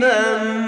من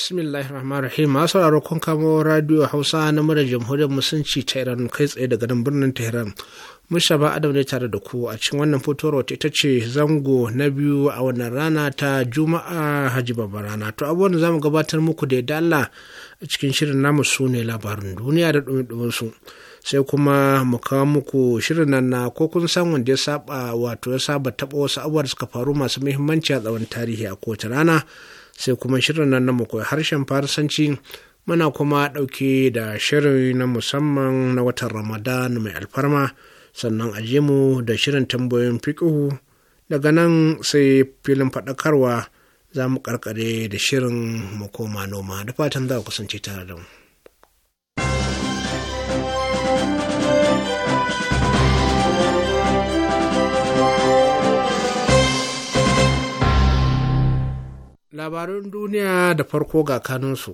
bismillahir rahmanir rahim masu sauraro kun kamo radio hausa na mura jamhuriyar musulunci ta iran kai tsaye daga nan birnin tehran ba adam ne tare da ku a cikin wannan wata ita ce zango na biyu a wannan rana ta juma'a haji babbar rana to abubuwan da zamu gabatar muku da yadda allah a cikin shirin namu su ne labarin duniya da dumi su sai kuma mu kawo muku shirin nan na ko kun san wanda ya saba wato ya saba taba wasu abubuwa da suka faru masu muhimmanci a tsawon tarihi a kowace rana sai kuma shirin nan na koyi harshen farsanci muna kuma ɗauke da shirin na musamman na watan ramadan mai alfarma sannan aje mu da shirin tambayoyin fiƙihu daga nan sai filin faɗakarwa za mu ƙarƙare da shirin makoma noma da fatan za ku kusance tare da mu. labarun duniya da farko ga kanunsu.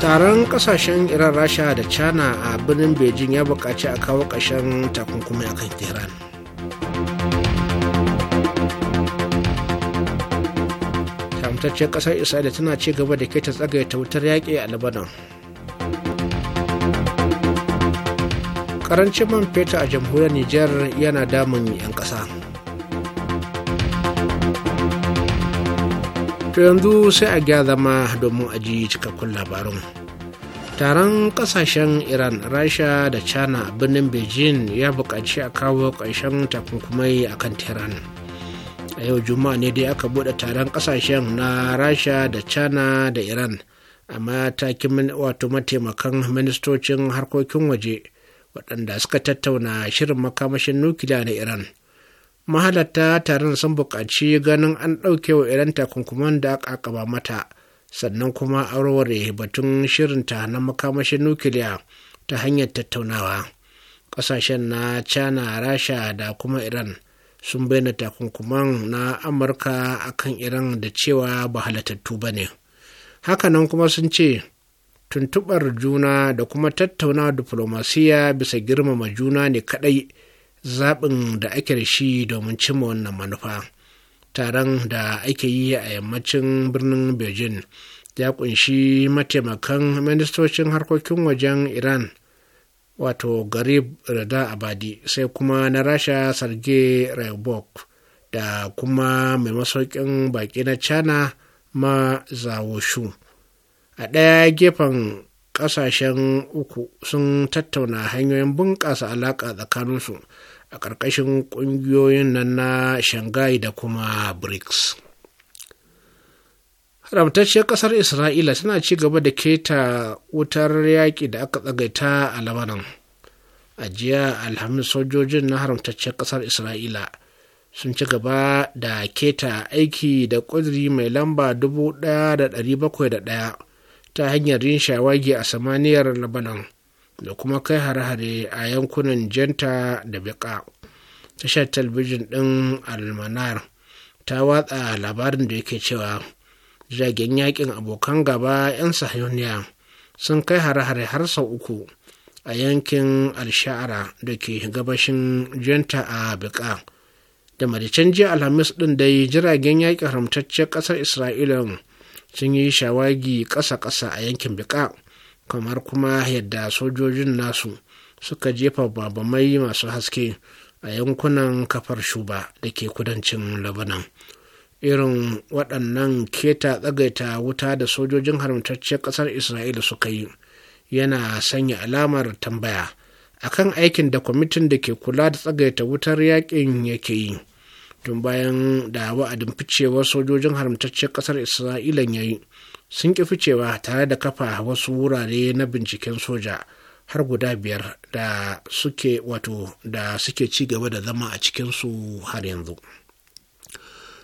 taron kasashen iran rasha da china a birnin beijing ya buƙaci a kawo ƙashen takunkumi a kan iran tamtaccen ƙasar isra'ila tana ci gaba da keta tsagaita wutar yaƙi a lebanon karancin man fetur a jamhuriyar Nijar yana damun 'yan ƙasa to yanzu sai a gya zama domin a ji cikakkun labarun. taron ƙasashen iran rasha da china a birnin beijing ya buƙaci a kawo ƙarshen takunkumai a kan tehran a yau juma'a ne dai aka buɗe taron ƙasashen na rasha da china da iran amma matakin wato mataimakan ministocin harkokin waje waɗanda suka tattauna shirin makamashin nukiliya na iran mahalarta taron sun buƙaci ganin an ɗauke wa iran takunkuman da aka ƙaba mata sannan kuma a warware batun shirinta na makamashin nukiliya ta hanyar tattaunawa ƙasashen na china rasha da kuma iran sun bayyana takunkuman na amurka akan iran da cewa ba halatattu ba ne hakanan kuma sun ce tuntuɓar juna da kuma tattauna diplomasiya bisa girmama juna ne kaɗai zaɓin da ake da shi domin cimma wannan manufa taron da ake yi a yammacin birnin beijing ya kunshi mataimakan ministocin harkokin wajen iran wato garib rada abadi sai kuma na rasha sarge raibok da kuma mai masaukin baƙi na china ma zawo shu a ɗaya gefen ƙasashen uku sun tattauna hanyoyin bunƙasa alaƙa tsakaninsu a ƙarƙashin ƙungiyoyin nan na shanghai da kuma brics haramtacciyar ƙasar isra'ila tana ci gaba da keta wutar yaƙi da aka tsagaita a labanan Ajiya alhamis sojojin na haramtacciyar ƙasar isra'ila sun ci gaba da keta aiki da ƙudiri mai lamba 1701 ta hanyar yin shawagi a samaniyar Labanan da kuma kai hare-hare a yankunan janta da beka tashar talbijin ɗin almanar ta watsa labarin da yake cewa jiragen yakin abokan gaba 'yan sahiyoniya sun kai hare-hare har sau uku a yankin alsha'ara da ke gabashin janta a beka da maricin jiya alhamis ɗin dai jiragen yakin haramtaccen ƙasar isra'ila sun yi shawagi ƙasa-ƙasa a yankin bika kamar kuma yadda sojojin nasu suka jefa babamai masu haske a yankunan kafar shuba da ke kudancin labanan irin waɗannan keta tsagaita wuta da sojojin haramtacce ƙasar isra'ila suka yi yana sanya alamar tambaya akan aikin da kwamitin da ke kula da tsagaita wutar yakin yake yi tun bayan da wa'adin ficewar sojojin haramtacciyar ƙasar isra'ila ya yi sun ƙi ficewa tare da kafa wasu wurare na binciken soja har guda biyar da suke wato da suke ci gaba da zama a cikinsu har yanzu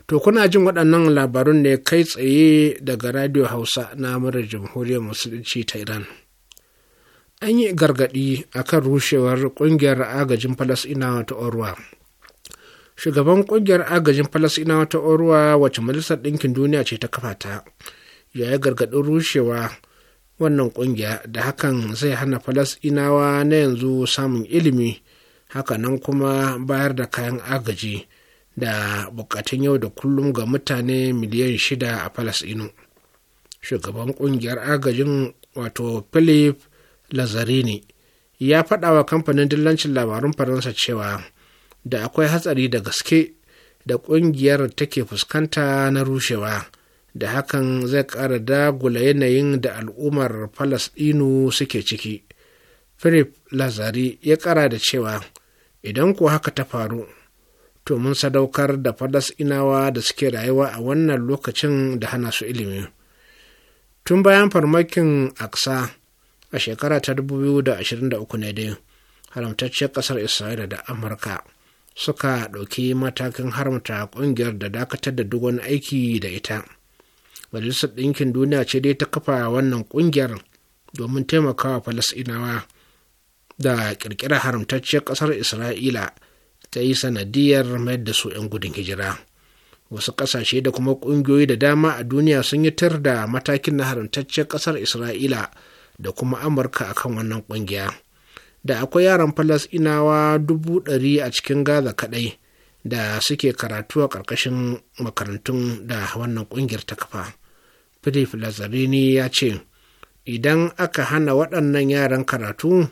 to kuna jin waɗannan labarun ne kai tsaye daga radio hausa na mara jamhuriyar musulunci ta iran an yi gargaɗi akan rushewar ƙungiyar agajin falasina ta orwa shugaban kungiyar agajin falasinawa ta orwa wacce majalisar ɗinkin duniya ce ta kafa ta ya yi gargaɗin rushewa wannan kungiya da hakan zai hana falasinawa na yanzu samun ilimi hakanan kuma bayar da kayan agaji da bukatun yau da kullum ga mutane miliyan shida a falasinu shugaban kungiyar agajin wato philip lazarini ya faɗa wa kamfanin dillancin labarun faransa cewa da akwai hatsari da gaske da ƙungiyar take fuskanta na rushewa da hakan zai ƙara dagula yanayin da al'ummar falasɗinu suke ciki philip lazari ya ƙara da cewa idan ko haka ta faru to mun sadaukar da falasɗinawa da suke rayuwa a wannan lokacin da hana su ilimi tun bayan farmakin aksa a shekara ta 2023 ne dai haramtacciyar ƙasar isra'ila da amurka suka ɗauki matakin haramta ƙungiyar da dakatar da duk wani aiki da ita majalisar ɗinkin duniya ce dai ta kafa wannan ƙungiyar domin taimakawa falasɗinawa da ƙirƙirar haramtacciyar ƙasar isra'ila ta yi sanadiyar mayar da su 'yan gudun hijira wasu ƙasashe da kuma ƙungiyoyi da dama a duniya sun yi tar da matakin na haramtacciyar ƙasar isra'ila da kuma amurka akan wannan ƙungiya da akwai yaran falasinawa dubu ɗari a cikin gaza kaɗai da suke karatu a ƙarƙashin makarantun da wannan ƙungiyar ta kafa philip lazzarini ya ce idan aka hana waɗannan yaran karatu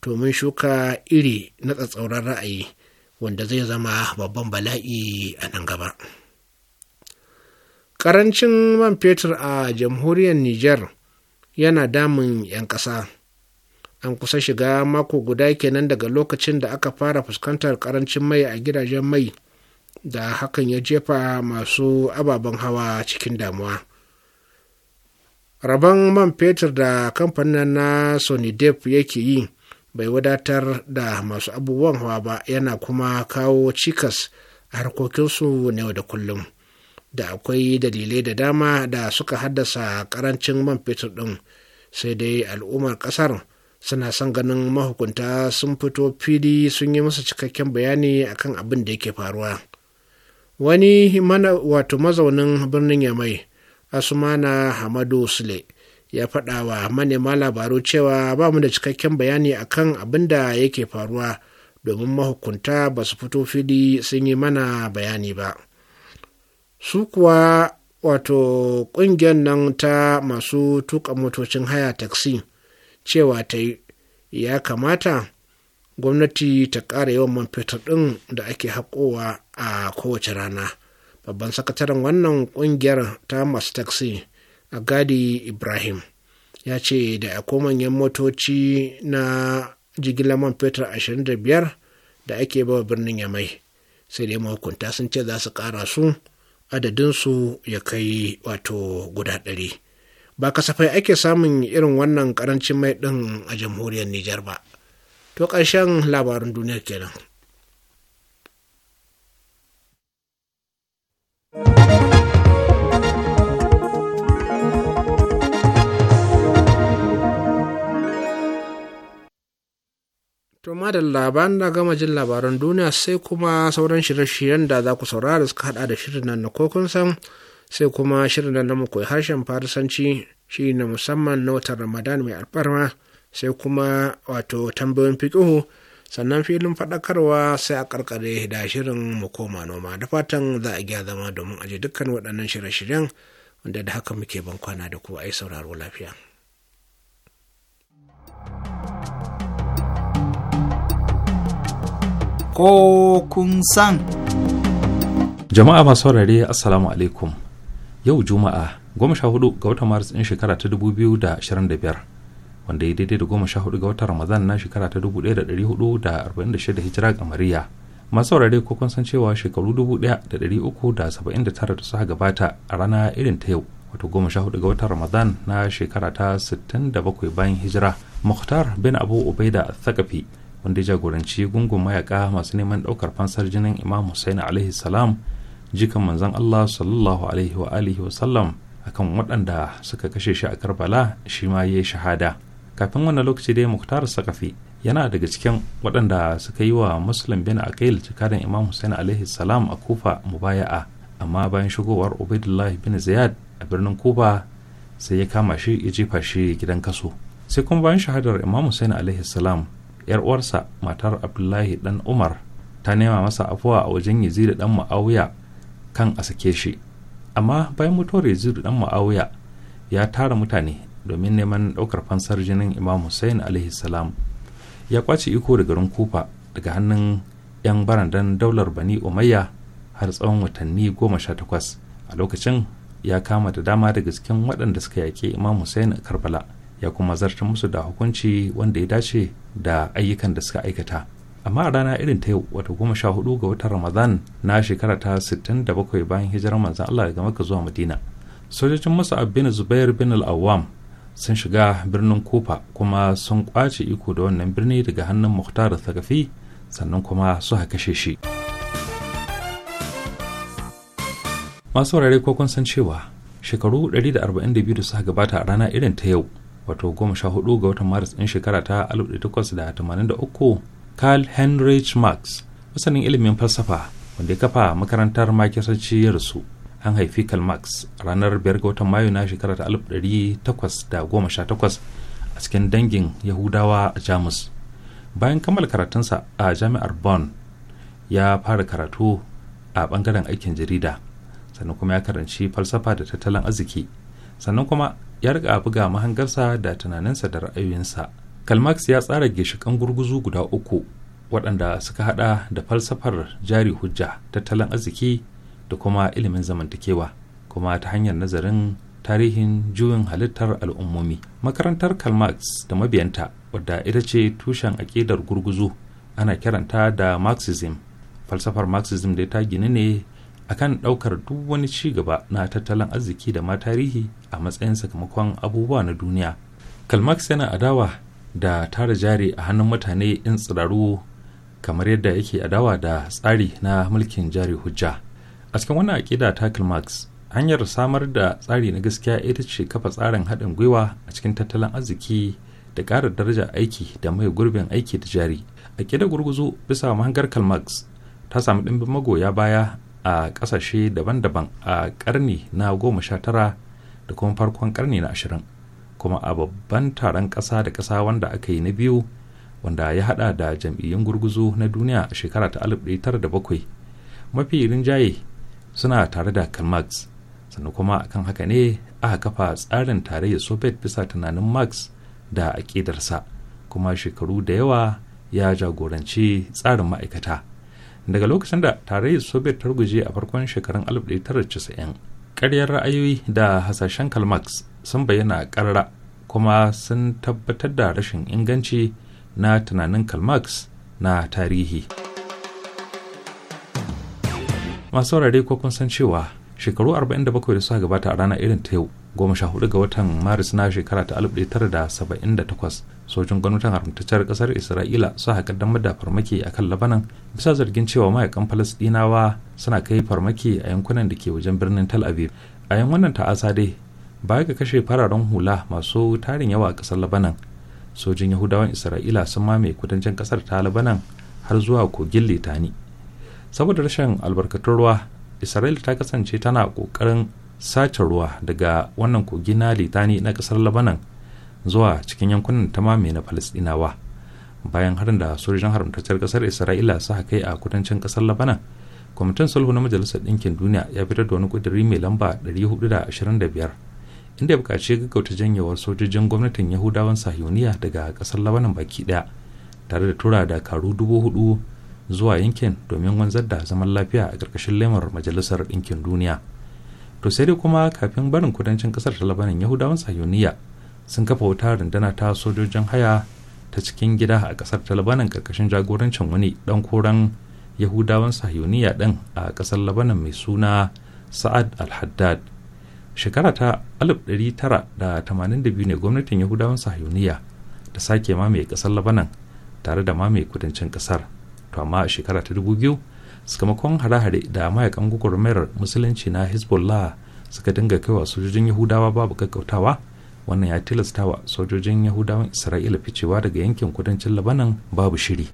to mun shuka iri na tsatsauran ra'ayi wanda zai zama babban bala'i a nan gaba ƙarancin man fetur a jamhuriyar niger yana damun 'yan ƙasa an kusa shiga mako guda kenan daga lokacin da aka fara fuskantar karancin mai a gidajen mai da hakan ya jefa masu ababen hawa cikin damuwa rabon man fetur da kamfanin na Sony sonidep yake yi bai wadatar da masu abubuwan hawa ba yana kuma kawo cikas a harkokinsu na yau da kullum da akwai dalilai da dama da suka haddasa karancin man fetur ɗin sai dai al'ummar ƙasar suna son ganin mahukunta sun fito fili sun yi masa cikakken bayani akan abin da yake faruwa wani mana wato mazaunin birnin yamai asumana hamadu sule ya faɗa wa manema labaru cewa ba mu da cikakken bayani akan abin da yake faruwa domin mahukunta ba su fito fili sun yi mana bayani ba su kuwa wato ƙungiyar nan ta masu tuka motocin haya taksi cewa ta ya kamata gwamnati ta ƙara yawan man fetur ɗin da ake haƙowa a kowace rana babban sakataren wannan ƙungiyar ta masu taksi a gadi ibrahim ya ce da a manyan motoci na jigilar man fetur 25 da ake bawa birnin yamai sai dai mahukunta sun ce za su ƙara su adadinsu ya kai wato guda ɗari. ba kasafai ake samun irin wannan karancin mai ɗin a jamhuriyar Nijar ba. To ƙarshen labarin duniyar kenan. To da bayan na gama jin labaran duniya sai kuma sauran shirye-shiryen da za ku saurara suka hada da shirin nan na kokon san sai kuma shirin da na koyi harshen farisanci shi na musamman na watan ramadan mai alfarma sai kuma wato tambayoyin fiƙihu sannan filin faɗakarwa sai a ƙarƙare da shirin mu koma noma da fatan za a gya zama domin je dukkan waɗannan shirye-shiryen wanda da haka muke ban kwana da ku a yi sauraro lafiya. Ko kun san. Jama'a masu saurare Assalamu alaikum. yau juma'a goma sha hudu ga watan maris ɗin shekara ta dubu biyu da ashirin da biyar wanda ya daidai da goma sha hudu ga watan ramadan na shekara ta dubu ɗaya da dari hudu da arba'in da shida hijira kamariya masu saurare ko kun san cewa shekaru dubu ɗaya da dari uku da saba'in da tara da suka gabata a rana irin ta yau wato goma sha hudu ga watan ramadan na shekara ta sittin da bakwai bayan hijira muhtar bin abu ubaida thakafi wanda ya jagoranci gungun mayaka masu neman ɗaukar fansar jinin imam hussein alaihi salam jikan manzan Allah sallallahu alaihi wa alihi wa sallam akan waɗanda suka kashe shi a Karbala shi ma yayi shahada kafin wannan lokaci dai Muktar Sakafi yana daga cikin waɗanda suka yi wa Muslim bin Aqil jikadan Imam Hussein alaihi salam a Kufa mubaya'a amma bayan shigowar Ubaidullah bin Ziyad a birnin Kufa sai ya kama shi ya jefa shi gidan kaso sai kuma bayan shahadar Imam Hussein alaihi salam yar uwarsa matar Abdullahi dan Umar ta nema masa afuwa a wajen Yazid dan Muawiya kan a sake shi amma bayan mutuwar yazid dan ma'auya ya tara mutane domin neman daukar fansar jinin imam hussein alaihi salam ya kwace iko da garin kufa daga hannun 'yan barandan daular bani umayya har tsawon watanni goma sha takwas a lokacin ya kama da dama daga cikin waɗanda suka yaƙi imam hussein a karbala ya kuma zartar musu da hukunci wanda ya dace da ayyukan da suka aikata amma a rana irin ta yau wata goma sha hudu ga watan ramadan na shekara ta 67 bayan hijirar manzan allah daga maka zuwa madina sojojin masu bin zubair bin al'awam sun shiga birnin kofa kuma sun kwace iko da wannan birni daga hannun muhtar sagafi sannan kuma su kashe shi masu wurare ko kun san cewa shekaru 142 da suka gabata a rana irin ta yau wato 14 ga watan maris din shekara ta 1883 carl Heinrich Marx masanin ilimin falsafa wanda ya kafa makarantar makirci ya rasu an haifi Karl Marx ranar biyar ga watan Mayu na shekarar takwas a cikin dangin Yahudawa a Jamus. Bayan kammala karatunsa a jami'ar Bonn ya fara karatu a bangaren aikin jarida sannan kuma ya karanci falsafa da tattalin arziki sannan kuma ya riga buga mahangarsa da tunaninsa da ra'ayoyinsa. kalmax ya tsara ginshikan gurguzu guda uku waɗanda suka hada da falsafar jari hujja tattalin arziki da kuma ilimin zamantakewa kuma ta hanyar nazarin tarihin juyin halittar al'ummomi makarantar kalmax da mabiyanta wadda ita ce tushen aƙidar gurguzu ana kiranta da marxism falsafar marxism da ta gini ne akan ɗaukar duk wani ci gaba na tattalin arziki da ma tarihi a matsayin sakamakon abubuwa na duniya karl yana adawa da tara jari a hannun mutane in tsiraru kamar yadda yake adawa da tsari na mulkin jari hujja a cikin wannan aƙida tackle marx hanyar samar da tsari na gaskiya ita ce kafa tsarin haɗin gwiwa a cikin tattalin arziki da ƙara daraja aiki da mai gurbin aiki da jari a aƙida gurguzu bisa mahangar marx ta samu ɗimbin magoya baya a ƙasashe daban-daban a ƙarni na goma sha tara da kuma farkon ƙarni na ashirin kuma a babban taron ƙasa da ƙasa wanda aka yi na biyu wanda ya hada da jam'iyyun gurguzu na duniya a shekara ta 1907 mafi rinjaye suna tare da karl marx sannan kuma akan haka ne aka kafa tsarin tarayyar soviet bisa tunanin marx da aƙidarsa kuma shekaru da yawa ya jagoranci tsarin ma'aikata daga lokacin da tarayyar soviet ta ruguje a farkon shekarun 1990 karyar ra'ayoyi da hasashen karl sun bayyana karara kuma sun tabbatar da rashin inganci na tunanin kalmax na tarihi masu saurare ko kun san cewa shekaru 47 da suka gabata a rana irin ta yau goma sha hudu ga watan maris na shekara ta 1978 sojin gwamnatin haramtacciyar kasar isra'ila su haka damar da farmaki a kan labanan bisa zargin cewa mayakan falasdinawa suna kai farmaki a yankunan da ke wajen birnin tal aviv a yan wannan ta'asa dai baya ga kashe fararen hula masu tarin yawa a ƙasar labanan sojin yahudawan isra'ila sun mamaye kudancin ƙasar ta labanan har zuwa kogin litani saboda rashin albarkatun ruwa isra'ila ta kasance tana kokarin sace ruwa daga wannan kogi na litani na ƙasar labanan zuwa cikin yankunan ta mamaye na falasɗinawa bayan harin da sojojin haramtacciyar ƙasar isra'ila suka kai a kudancin ƙasar labanan kwamitin sulhu na majalisar ɗinkin duniya ya fitar da wani ƙudiri mai lamba 425 inda ya buƙaci gaggauta janyewar sojojin gwamnatin yahudawan sahiyoniya daga ƙasar labanan baki ɗaya tare da tura dakaru dubu hudu zuwa yankin domin wanzar da zaman lafiya a ƙarƙashin lemar majalisar ɗinkin duniya to sai dai kuma kafin barin kudancin ƙasar ta labanan yahudawan sahiyoniya sun kafa wuta rundana ta sojojin haya ta cikin gida a ƙasar ta labanan ƙarƙashin jagorancin wani ɗan koren yahudawan sahiyoniya ɗin a ƙasar labanan mai suna sa'ad al-haddad shekara ta 1982 ne gwamnatin yahudawan sahiyuniya ta sake mamaye kasar labanan tare da mamaye kudancin kasar to amma a shekara ta 2000 sakamakon hare-hare da mayakan gwagwarmayar musulunci na hezbollah suka dinga kaiwa sojojin yahudawa babu kakkautawa wannan ya tilasta wa sojojin yahudawan isra'ila ficewa daga yankin kudancin labanan babu shiri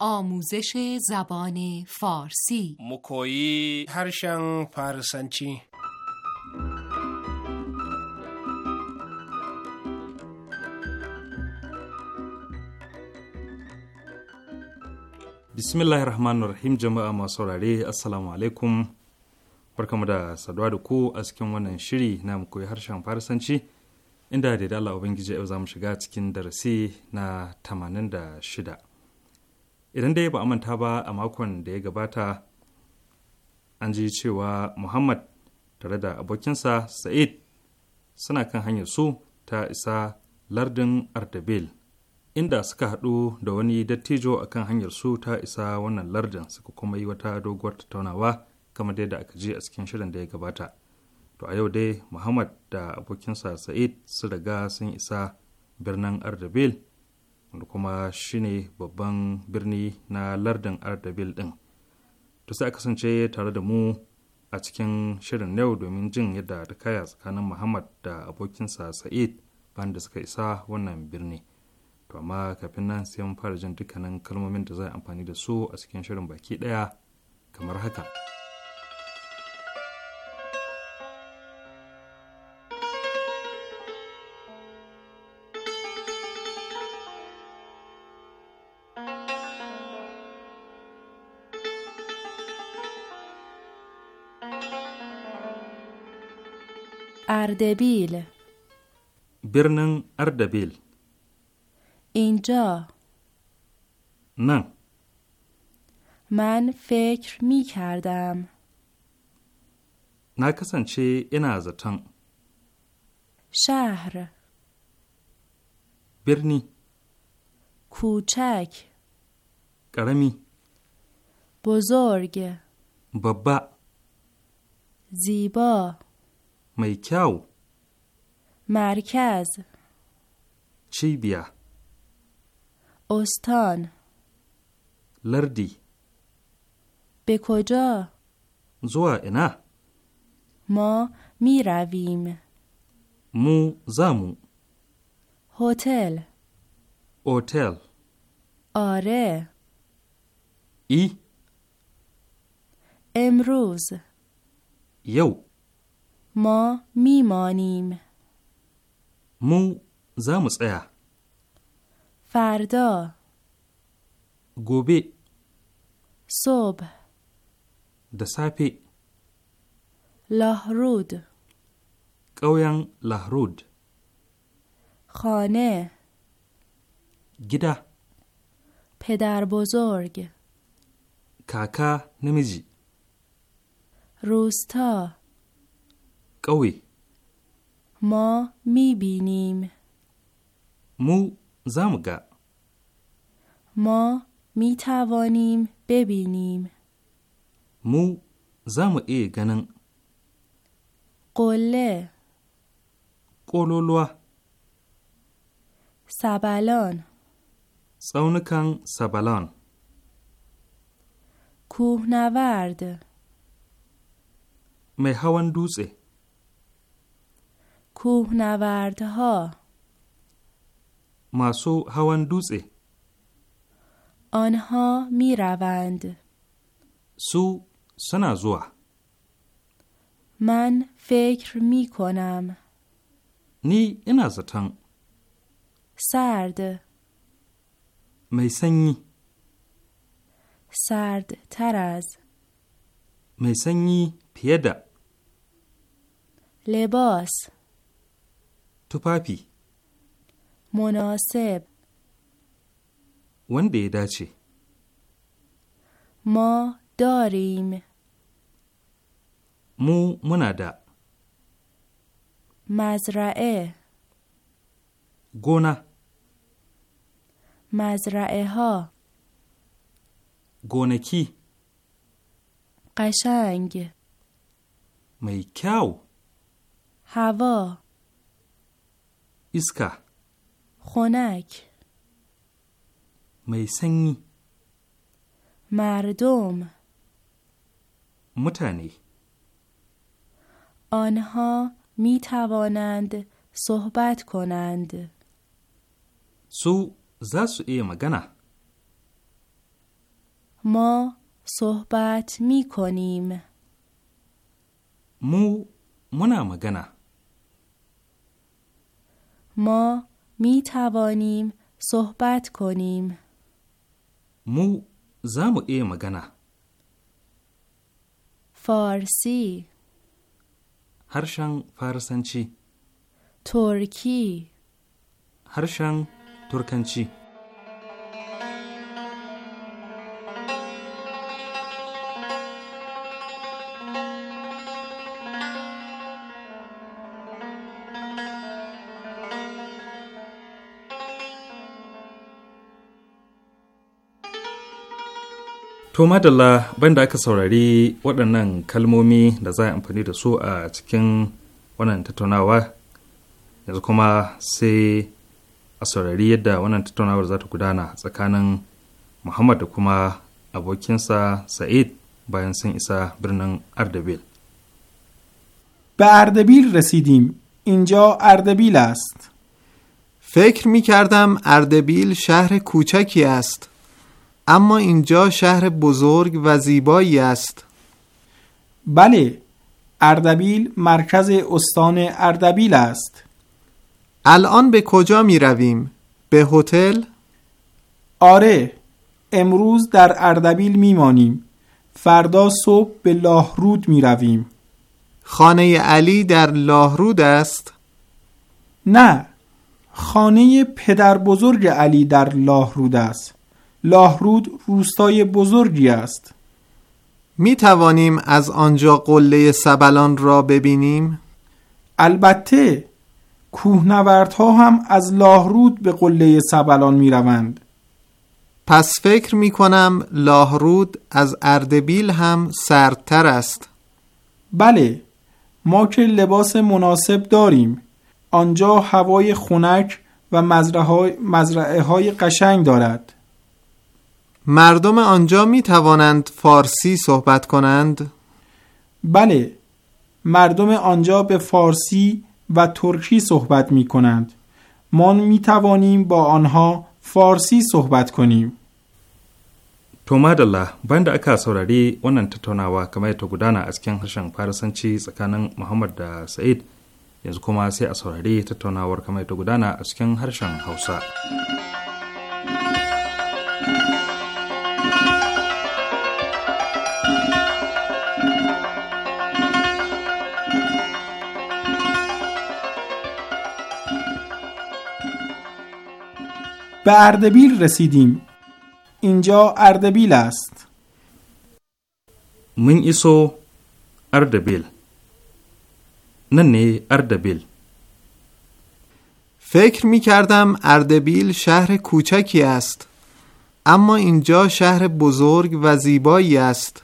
آموزش زبان فارسی mukoyi هرشن فارسنچی bismillahir rahman rahim jama'a masu saurare assalamu alaikum barkamu da saduwa da ku a cikin wannan shiri na mu koyi harshen farisanci inda da Allah ubangiji yau za mu shiga cikin darasi na 86 idan dai ba manta ba a makon da ya gabata an ji cewa muhammad tare da abokinsa sa'id suna kan hanyar su ta isa lardin ardabil inda suka haɗu da wani dattijo a kan hanyar su ta isa wannan lardin suka kuma yi wata doguwar tattaunawa kamar dai da aka ji a cikin shirin da ya gabata to a yau dai muhammad da abokinsa sa'id su riga sun isa birnin ardabil wanda kuma shine babban birni na lardin ardabil din to sai kasance tare da mu a cikin shirin yau domin jin yadda ta kaya tsakanin muhammad da abokinsa sa'id bayan da suka isa wannan birni to amma kafin nan sai mun fara jin dukkanin kalmomin da za a amfani da su a cikin shirin baki ɗaya kamar haka. اردبیل برنن اردبیل اینجا نه من فکر می کردم نکسن چی این از شهر برنی کوچک قرمی بزرگ بابا زیبا میکاو مرکز چی بیا استان لردی به کجا زوا انا ما می رویم مو زامو هتل هتل آره ای امروز یو ما میمانیم مو زامس ایا فردا گوبی صبح دسافی لاهرود قویان لاهرود خانه گیده پدر بزرگ کاکا نمیجی روستا قوی ما میبینیم مو زمگا ما توانیم ببینیم مو زم ای گنن قله قلولوا سبلان سونکان سبلان کوه نورد مهوان دوزه. کوهنوردها ماسو هوان دوزه آنها می روند سو سنازوا من فکر می کنم نی اینا سرد می سنی سرد تر از می سنی پیدا لباس پاپی مناسب ونده ya چه؟ ما داریم مو منادا. مزرعه گونه مزرعه ها گونکی قشنگ میکاو هوا ایسکا خونک میسنی مردم متنی آنها می توانند صحبت کنند سو زاسو ای مگنا ما صحبت می کنیم مو منا مگنا ما می توانیم صحبت کنیم مو زم ای مگنا فارسی هرشان فارسنچی ترکی هرشان ترکنچی To madalla banda aka saurari waɗannan kalmomi da za a amfani da su a cikin wannan tattaunawa yanzu kuma sai a saurari yadda wannan tattaunawar za ta gudana tsakanin Muhammad da kuma abokinsa Sa'id bayan sun isa birnin Ardabil. به اردبیل رسیدیم. اینجا ardabil است. فکر می کردم اردبیل شهر کوچکی است. اما اینجا شهر بزرگ و زیبایی است بله اردبیل مرکز استان اردبیل است الان به کجا می رویم؟ به هتل؟ آره امروز در اردبیل می مانیم فردا صبح به لاهرود می رویم خانه علی در لاهرود است؟ نه خانه پدر بزرگ علی در لاهرود است لاهرود روستای بزرگی است می توانیم از آنجا قله سبلان را ببینیم؟ البته کوهنوردها هم از لاهرود به قله سبلان می روند پس فکر می کنم لاهرود از اردبیل هم سردتر است بله ما که لباس مناسب داریم آنجا هوای خنک و مزرعه های قشنگ دارد مردم آنجا می توانند فارسی صحبت کنند؟ بله مردم آنجا به فارسی و ترکی صحبت می کنند ما می توانیم با آنها فارسی صحبت کنیم تو مادله بند اکا سوراری اون انتتونا و کمی تو گدانا از کیان هرشان پارسان چی سکانن محمد دا سعید یا زکوما سی و کمی تو گدانا از کیان هرشان حوصا به اردبیل رسیدیم اینجا اردبیل است من ایسو اردبیل ننه اردبیل فکر می کردم اردبیل شهر کوچکی است اما اینجا شهر بزرگ و زیبایی است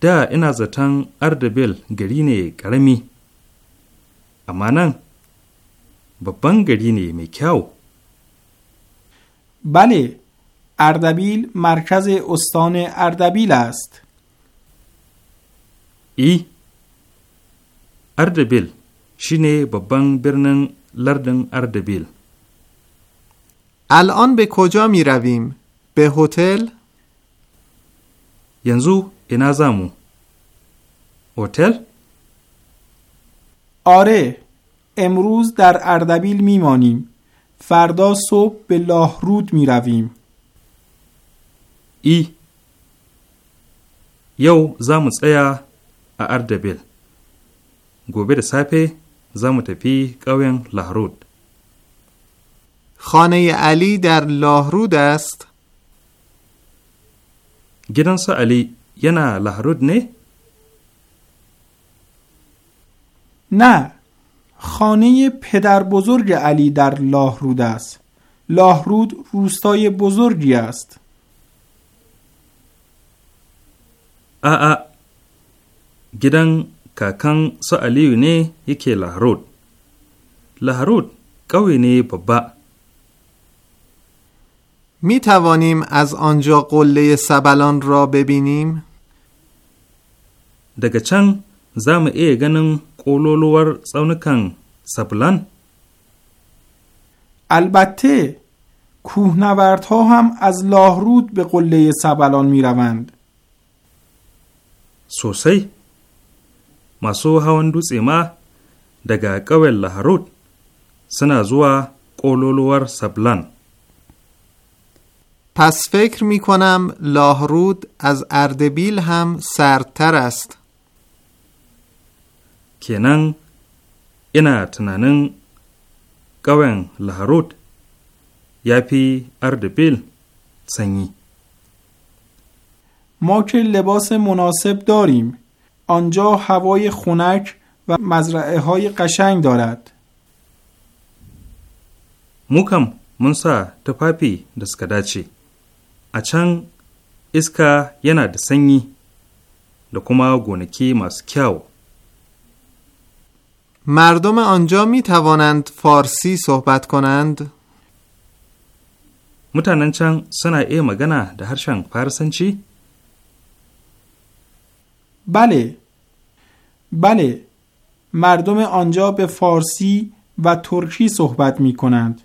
دا اینا زتن اردبیل گرینه گرمی. اما babban gari میکیاو. mai بله اردبیل مرکز استان اردبیل است ای اردبیل شینه ببن برنن لردن اردبیل الان به کجا می رویم؟ به هتل؟ ینزو اینا زامو هتل؟ آره امروز در اردبیل میمانیم فردا صبح به لاهرود میرویم ای یو زامو تسیا اردبیل گوبه ده سافه زامو تفی قوین لاهرود خانه علی در لاهرود است علی علی نه لاهرود نه؟ نه نه خانه پدر بزرگ علی در لاهرود است لاهرود روستای بزرگی است a'a gidan کاکان سو علیو نه یکی لاهرود لاهرود قوی نه می توانیم از آنجا قله سبلان را ببینیم؟ دگه چنگ زم ایگنم؟ قولولوار سونکن البته کوهنوردها هم از لاهرود به قله سبلان می روند سوسی masu hawan dutse ma daga ƙauyen laharut suna سبلان پس فکر می کنم لاهرود از اردبیل هم سردتر است. کینان اینه تونانین قون لهرود یا فی ارد بیل ماکل ما که لباس مناسب داریم آنجا هوای خونک و های قشنگ دارد موکم من سا تفافی د اسکا ا چن ایسکه ینا د گونکی ماسو مردم آنجا می توانند فارسی صحبت کنند؟ متنن چن سنا ای مگنا ده هرشان فارسنچی؟ بله بله مردم آنجا به فارسی و ترکی صحبت می کنند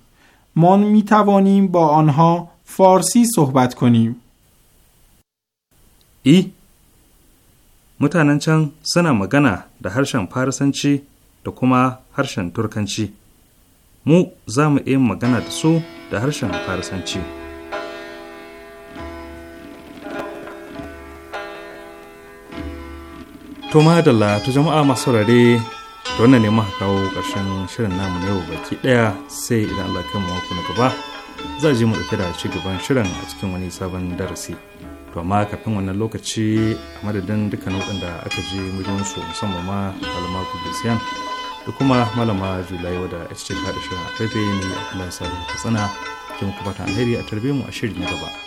ما می توانیم با آنها فارسی صحبت کنیم ای متنن چن سنا مگنا ده هرشان چی؟ da kuma harshen Turkanci. Mu za mu iya magana da su da harshen Farisanci. To da latu jama'a masu rare da wannan ne muka kawo ƙarshen shirin namu na yau baki ɗaya sai idan Allah kai mu na gaba za je mu ɗauke da ci gaban shirin a cikin wani sabon darasi. to amma kafin wannan lokaci a madadin dukkan waɗanda aka je mujinsu musamman ma alamaku bisiyan da kuma malama julai wadda a cikin kaɗa shirin a ne a kalan sarin katsina ke muku fata alheri a tarbe mu a shirin gaba.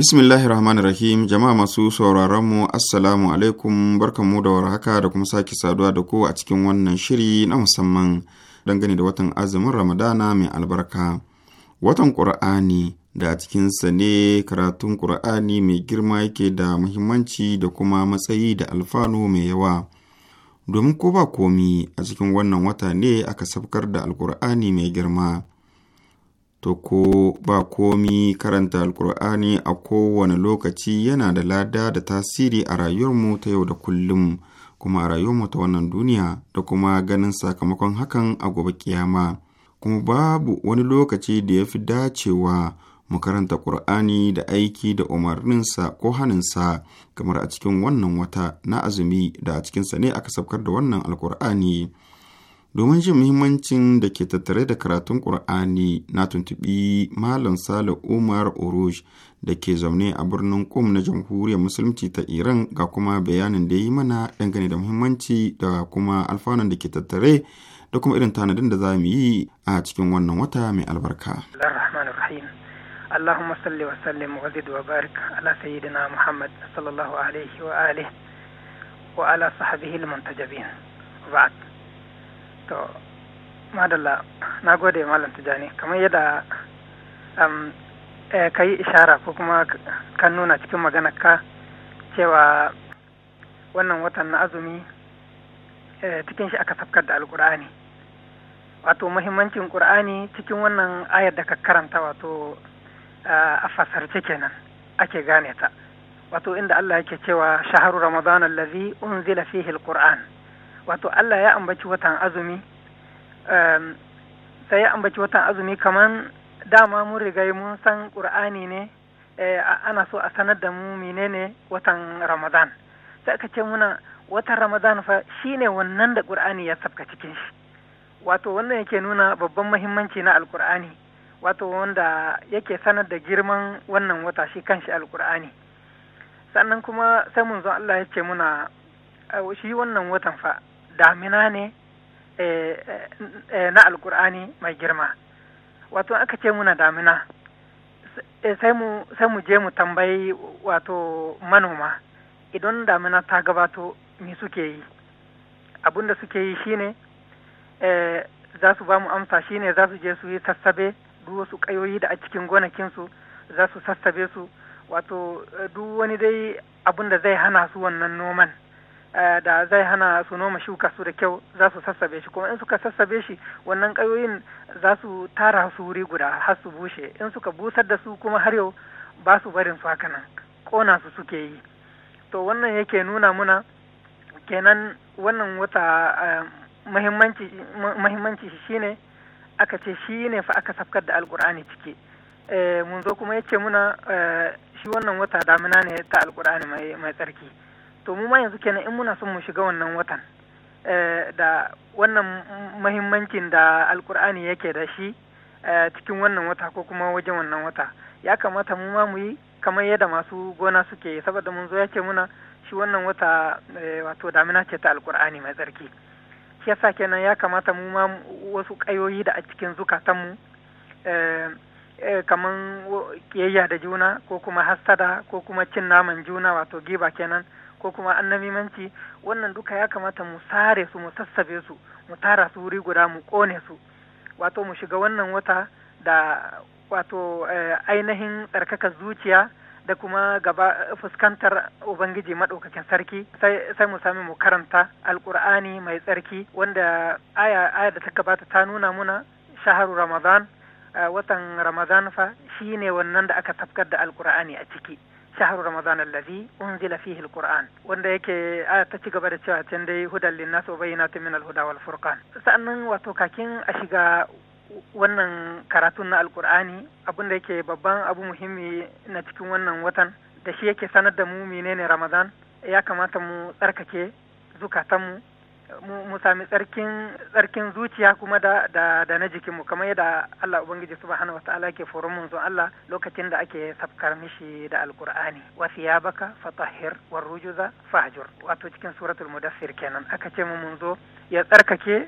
Bismillahi Rahmanir Rahim, jama'a masu sauraron mu Assalamu alaikum barkanmu da warhaka da kuma sake saduwa da ku a cikin wannan shiri na musamman dangane da watan azumin Ramadana mai albarka. Watan Ƙur'ani da a cikinsa ne karatun Ƙur'ani mai girma yake da muhimmanci da kuma matsayi da alfanu mai yawa. Domin ko ba komi a cikin wannan wata ne aka sabkar da Alƙur'ani mai girma. to ko ba komi karanta alkur'ani a kowane lokaci yana da lada da tasiri a rayuwarmu ta yau da kullum kuma a rayuwarmu ta wannan duniya da kuma ganin sakamakon hakan a gobe kiyama kuma babu wani lokaci da ya fi dacewa mu karanta ƙur'ani da aiki da umarninsa ko haninsa kamar a cikin wannan wata na azumi da a cikinsa ne aka sabkar da wannan alkur'ani Domin jin muhimmancin da ke tattare da karatun Ƙur'ani na tuntuɓi Malam Sale Umar Oruj da ke zaune a birnin ƙum na Jamhuriyar Musulunci ta Iran ga kuma bayanin da ya yi mana dangane da muhimmanci da kuma alfanun da ke tattare da kuma irin tanadin da za mu yi a cikin wannan wata mai albarka. اللهم صل وسلم وزد وبارك على سيدنا محمد صلى الله عليه وآله وعلى to madalla na gode malam tijani kamar yadda um, eh, ka yi ishara ko kuma ka nuna cikin magana ka cewa wannan watan na azumi eh, cikin shi aka safkar da alkur'ani wato muhimmancin ƙur'ani cikin wannan ayar da ka karanta wato eh, a fasarce kenan ake gane ta wato inda Allah yake cewa shaharu ramadan allazi unzila fihi alquran wato Allah ya ambaci watan azumi um, sai ya ambaci watan azumi kaman dama mun riga mun san ƙur'ani ne eh, ana so a sanar da mu menene watan ramadan sai aka ce muna watan ramadan fa shine wannan da ƙur'ani ya sabka cikin shi wato wannan yake nuna babban mahimmanci na alƙur'ani wato wanda yake sanar da girman wannan wata shi kanshi alƙur'ani sannan kuma sai mun zo Allah ya ce muna eh, shi wannan watan fa damina ne eh, eh, na alkur'ani mai girma wato aka ce muna damina sai mu je mu tambayi wato manoma idan damina ta gabato me suke yi abinda suke yi shine eh, za su ba mu amsa shine za su je su yi sassabe duk wasu kayoyi da a cikin gonakinsu za su sassabe su wato duk wani dai abinda zai hana su wannan noman Eh, da zai hana su noma shuka su da kyau za su sassabe shi kuma in suka sassabe shi wannan ƙayoyin za su tara su wuri guda har su bushe in suka busar da su kuma har yau ba su barin su haka nan ƙona su suke yi to wannan yake nuna muna kenan wannan wata eh, mahimmanci shine aka ce shi ne fa aka safkar da alkur'ani ciki eh, mun zo kuma yace muna shi wannan wata damina ne ta alkur'ani mai tsarki to mu ma yanzu kenan in muna son mu shiga wannan watan eh, da wannan mahimmancin da alkur'ani yake da shi eh, cikin wannan wata ko kuma wajen wannan wata ya kamata mu ma mu yi kamar yadda masu gona suke saboda mun zo ya ce muna shi wannan wata eh, wato damina ce ta alkur'ani mai tsarki shi yasa kenan ya kamata mu ma wasu kayoyi da a cikin zukatan mu kamar kiyayya da juna ko kuma hastada ko kuma cin naman juna wato giba kenan ko kuma annabimanci wannan duka ya kamata mu sare su mu sassabe su mu tara su wuri guda mu kone su wato mu shiga wannan wata da wato eh, ainihin tsarkakar zuciya da kuma gaba fuskantar ubangiji maɗaukakin sarki sai mu sami mu karanta alkur'ani mai tsarki wanda aya aya da ta gabata ta nuna muna shaharu ramadan eh, watan ramadan fa shine wannan da aka tafkar da alkur'ani a ciki shahru ramadan allazi unzila fihi wanda yake aya ta ci gaba da cewa can dai hudan linnas wa bayyinatun wato kakin a shiga wannan karatun na alkur'ani abin da yake babban abu muhimmi na cikin wannan watan da shi yake sanar da mu menene ramadan ya kamata mu tsarkake zukatanmu mu sami tsarkin zuciya kuma da da, da na jikinmu kamar yadda Allah ubangiji subhanahu wataala ke foron mun Allah lokacin da ake sabkar mishi da alqur'ani wa thiyabaka fatahhir war rujuza fahjur wato cikin suratul mudaffir kenan aka ce mu mun zo ya tsarkake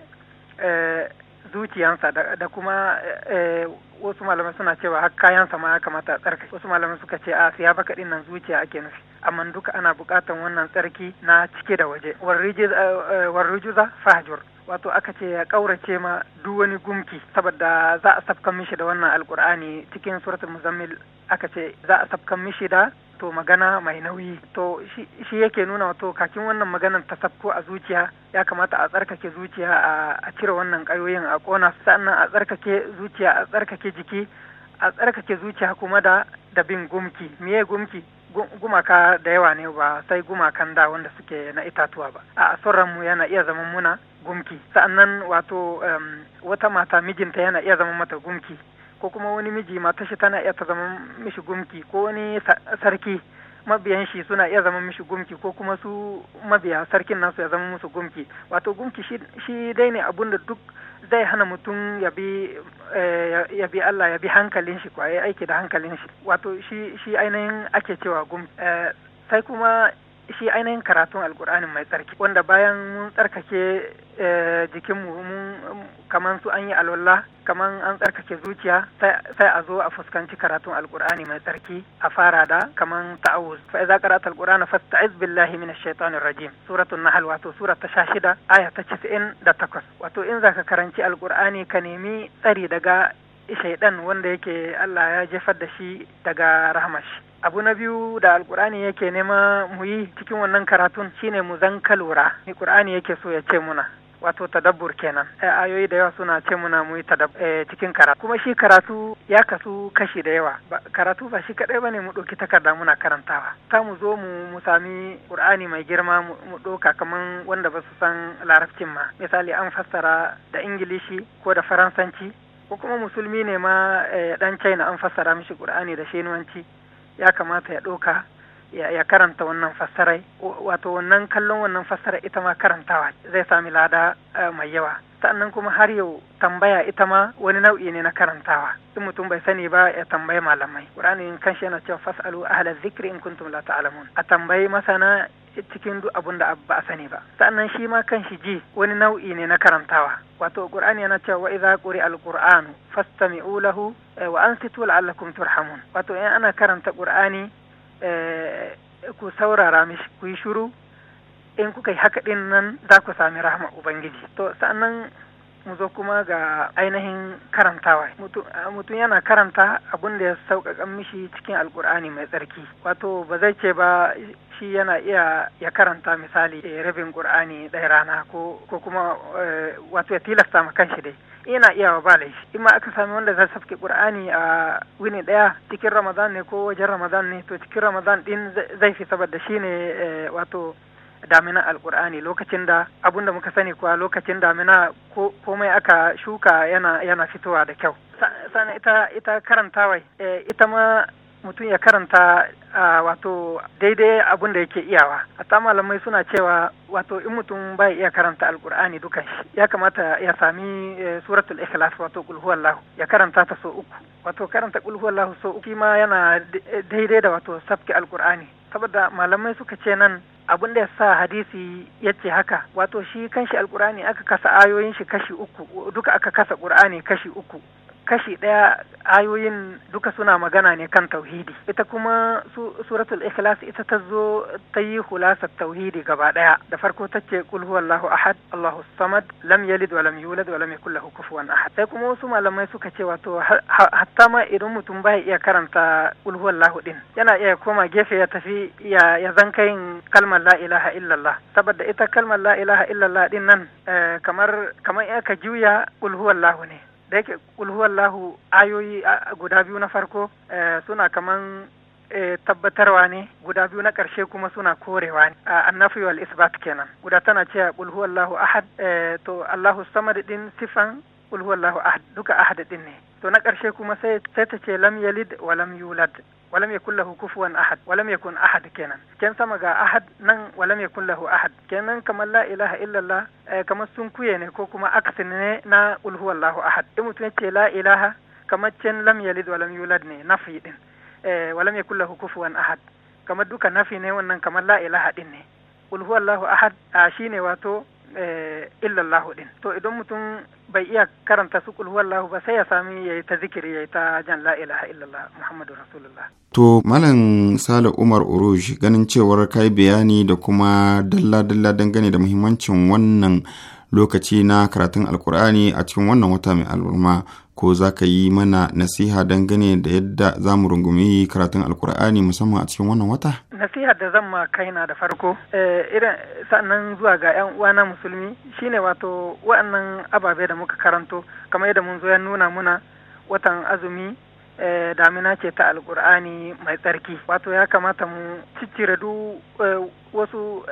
eh, zuciyansa da, kuma eh, wasu malamai suna cewa har kayansa ma ya kamata a tsarkake wasu malamai suka ce a baka dinnan zuciya ake nufi amma duka ana bukatan wannan tsarki na cike da waje eh, eh, warrujuza fahajur wato aka ce ya kaurace ma duk wani gumki saboda za a safkan mishi da wannan alkur'ani cikin suratul muzammil aka ce za a safkan mishi da to magana mai nauyi to shi yake nuna wato kakin wannan maganar ta safko a zuciya ya kamata a tsarkake zuciya a cire wannan kayoyin a kona sannan a tsarkake zuciya a tsarkake jiki a tsarkake zuciya kuma da da bin gumki meye gumki gumaka da yawa ne ba sai gumakan da wanda suke na itatuwa ba a mu yana iya zama muna gumki sa'annan wato wata mata mijinta yana iya zama mata gumki ko kuma wani miji mata shi tana iya ta zama mishi gumki ko wani sarki mabiyan shi suna iya zama mishi gumki ko kuma su mabiya sarkin nasu ya zama musu gumki wato gumki shi dai ne abun da duk zai hana mutum ya bi eh, Allah ya bi hankalin shi kwaye aiki da hankalin shi wato shi ainihin ake cewa gumki eh, sai kuma shi ainihin karatun alkur'anin mai tsarki wanda bayan mun tsarkake eh, jikinmu mun kaman su an yi alwala kaman an tsarkake zuciya sai a zo a fuskanci karatun alkur'ani mai tsarki a fara da kaman ta'awuz fa idza qara'ta alqur'ana fasta'iz billahi minash shaitanir rajim suratul nahl wato surata ta 16 aya ta 98 wato in zaka karanci alkur'ani ka nemi tsari daga shaidan wanda yake Allah ya jefar da shi daga rahmashi abu na biyu da alkur'ani yake nema mu yi cikin wannan karatun shine mu zanka lura ni yake so ya ce muna wato tadabbur kenan eh, ayoyi da yawa suna ce muna mu yi eh, cikin karatu kuma shi karatu ya kasu kashi da yawa karatu ba shi kadai ne mu ɗauki takarda muna karantawa ta mu zo mu mu sami qur'ani mai girma mu ɗauka kaman wanda ba su san larabcin ma misali an fassara da ingilishi ko da faransanci ko kuma musulmi ne ma dan eh, china an fassara mishi qur'ani da shinuwanci ya kamata ya ɗauka ya karanta wannan fassarai wato wannan kallon wannan fassara ita ma karantawa zai sami lada eh, mai yawa sannan kuma har yau tambaya ita ma wani nau'i ne na karantawa in mutum bai sani ba ya tambayi malamai qur'ani in kanshi yana cewa fasalu ahla zikri in kuntum la ta'lamun a tambayi masana cikin duk abin da ba a sani ba sannan shi ma kan shi ji wani nau'i ne na karantawa wato qur'ani yana cewa wa idza quri al qur'an fastami'u lahu eh, wa ansitu la'allakum turhamun wato in ana karanta qur'ani eh, ku saurara mishi ku yi shiru in kuka yi haka din nan za ku sami rahama ubangiji to sannan mu zo kuma ga ainihin karantawa mutum yana karanta abin da ya sauƙaƙa mishi cikin alkur'ani mai tsarki wato ba zai ce ba shi yana iya ya karanta misali eh, rabin ƙur'ani ɗaya rana ko kuma eh, wato ya tilasta ma kanshi dai yana iya wa ba laifi in ma aka sami wanda zai safke ƙur'ani a wuni ɗaya cikin ramadan ne ko wajen ramadan ne to cikin ramadan ɗin zai fi saboda ne eh, wato damina alkur'ani lokacin da abun da muka sani kuwa lokacin damina komai aka shuka yana fitowa da kyau sannan ita ita eh, ita ma mutum ya karanta wato daidai abun da yake iyawa a ta malamai suna cewa wato in mutum bai iya karanta alkur'ani dukan shi ya kamata ya sami e, suratul ikhlas wato kul ya karanta ta so uku wato karanta kul so uku ma yana e, daidai da wato sabki alkur'ani saboda malamai suka ce nan abin da ya sa hadisi ya ce haka wato shi kanshi alkur'ani aka kasa ayoyin shi kashi uku duka aka kasa qur'ani kashi uku kashi ɗaya ayoyin duka suna magana ne kan tauhidi ita kuma suratul ikhlas ita ta zo ta yi hulasar tauhidi gaba ɗaya da farko ta ce kul huwallahu ahad allahu samad lam yalid wa lam yulad wa lam yakul lahu kufuwan ahad sai kuma wasu malamai suka ce wato hatta ma idan mutum bai iya karanta kul huwallahu din yana iya koma gefe ya tafi ya ya zanka yin kalmar la ilaha illallah saboda ita kalmar la ilaha illallah din nan eh, kamar kamar ya ka juya kul huwallahu ne da yake kulhuwallahu ayoyi guda biyu na farko eh, suna kaman eh, tabbatarwa ne guda biyu na ƙarshe kuma suna korewa ne a annafi wal isbat kenan guda tana cewa kulhuwallahu ahad eh, to allahu samad din sifan kulhuwallahu ahad duka ahad din ne to na ƙarshe kuma sai sai ta ce lam yalid wa lam yulad wa lam yakun lahu kufuwan ahad wa lam yakun ahad kenan ken sama ga ahad nan wa lam yakun lahu ahad kenan kamar la ilaha illallah eh, kamar sun kuye ne ko kuma aksin ne na qul huwallahu ahad in mutum ce la ilaha kamar cin lam yalid wa lam yulad ne nafi din eh, wa lam yakun lahu kufuwan ahad kamar duka nafi ne wannan kamar la ilaha din ne qul huwallahu ahad ah, shine wato Eh, illallahu din to idan mutum bai iya karanta su kulhu ba sai ya sami yayi ta zikiri yayi ta jan la ilaha illallah muhammadu rasulullah to malam sale umar uruj ganin cewar kai bayani da kuma dalla dalla dangane da muhimmancin wannan lokaci na karatun alkur'ani a cikin wannan wata mai al'umma ko za ka yi mana nasiha dangane da yadda za mu rungumi karatun alkur'ani musamman a cikin wannan wata? nasiha da zan ma kai na da farko eh, irin sannan zuwa ga 'yan uwana musulmi shine wato wa'annan ababe da muka karanto kamar yadda mun zo ya nuna muna watan azumi eh, damina ce ta alkur'ani mai tsarki wato ya kamata mu ciccire duk eh, wasu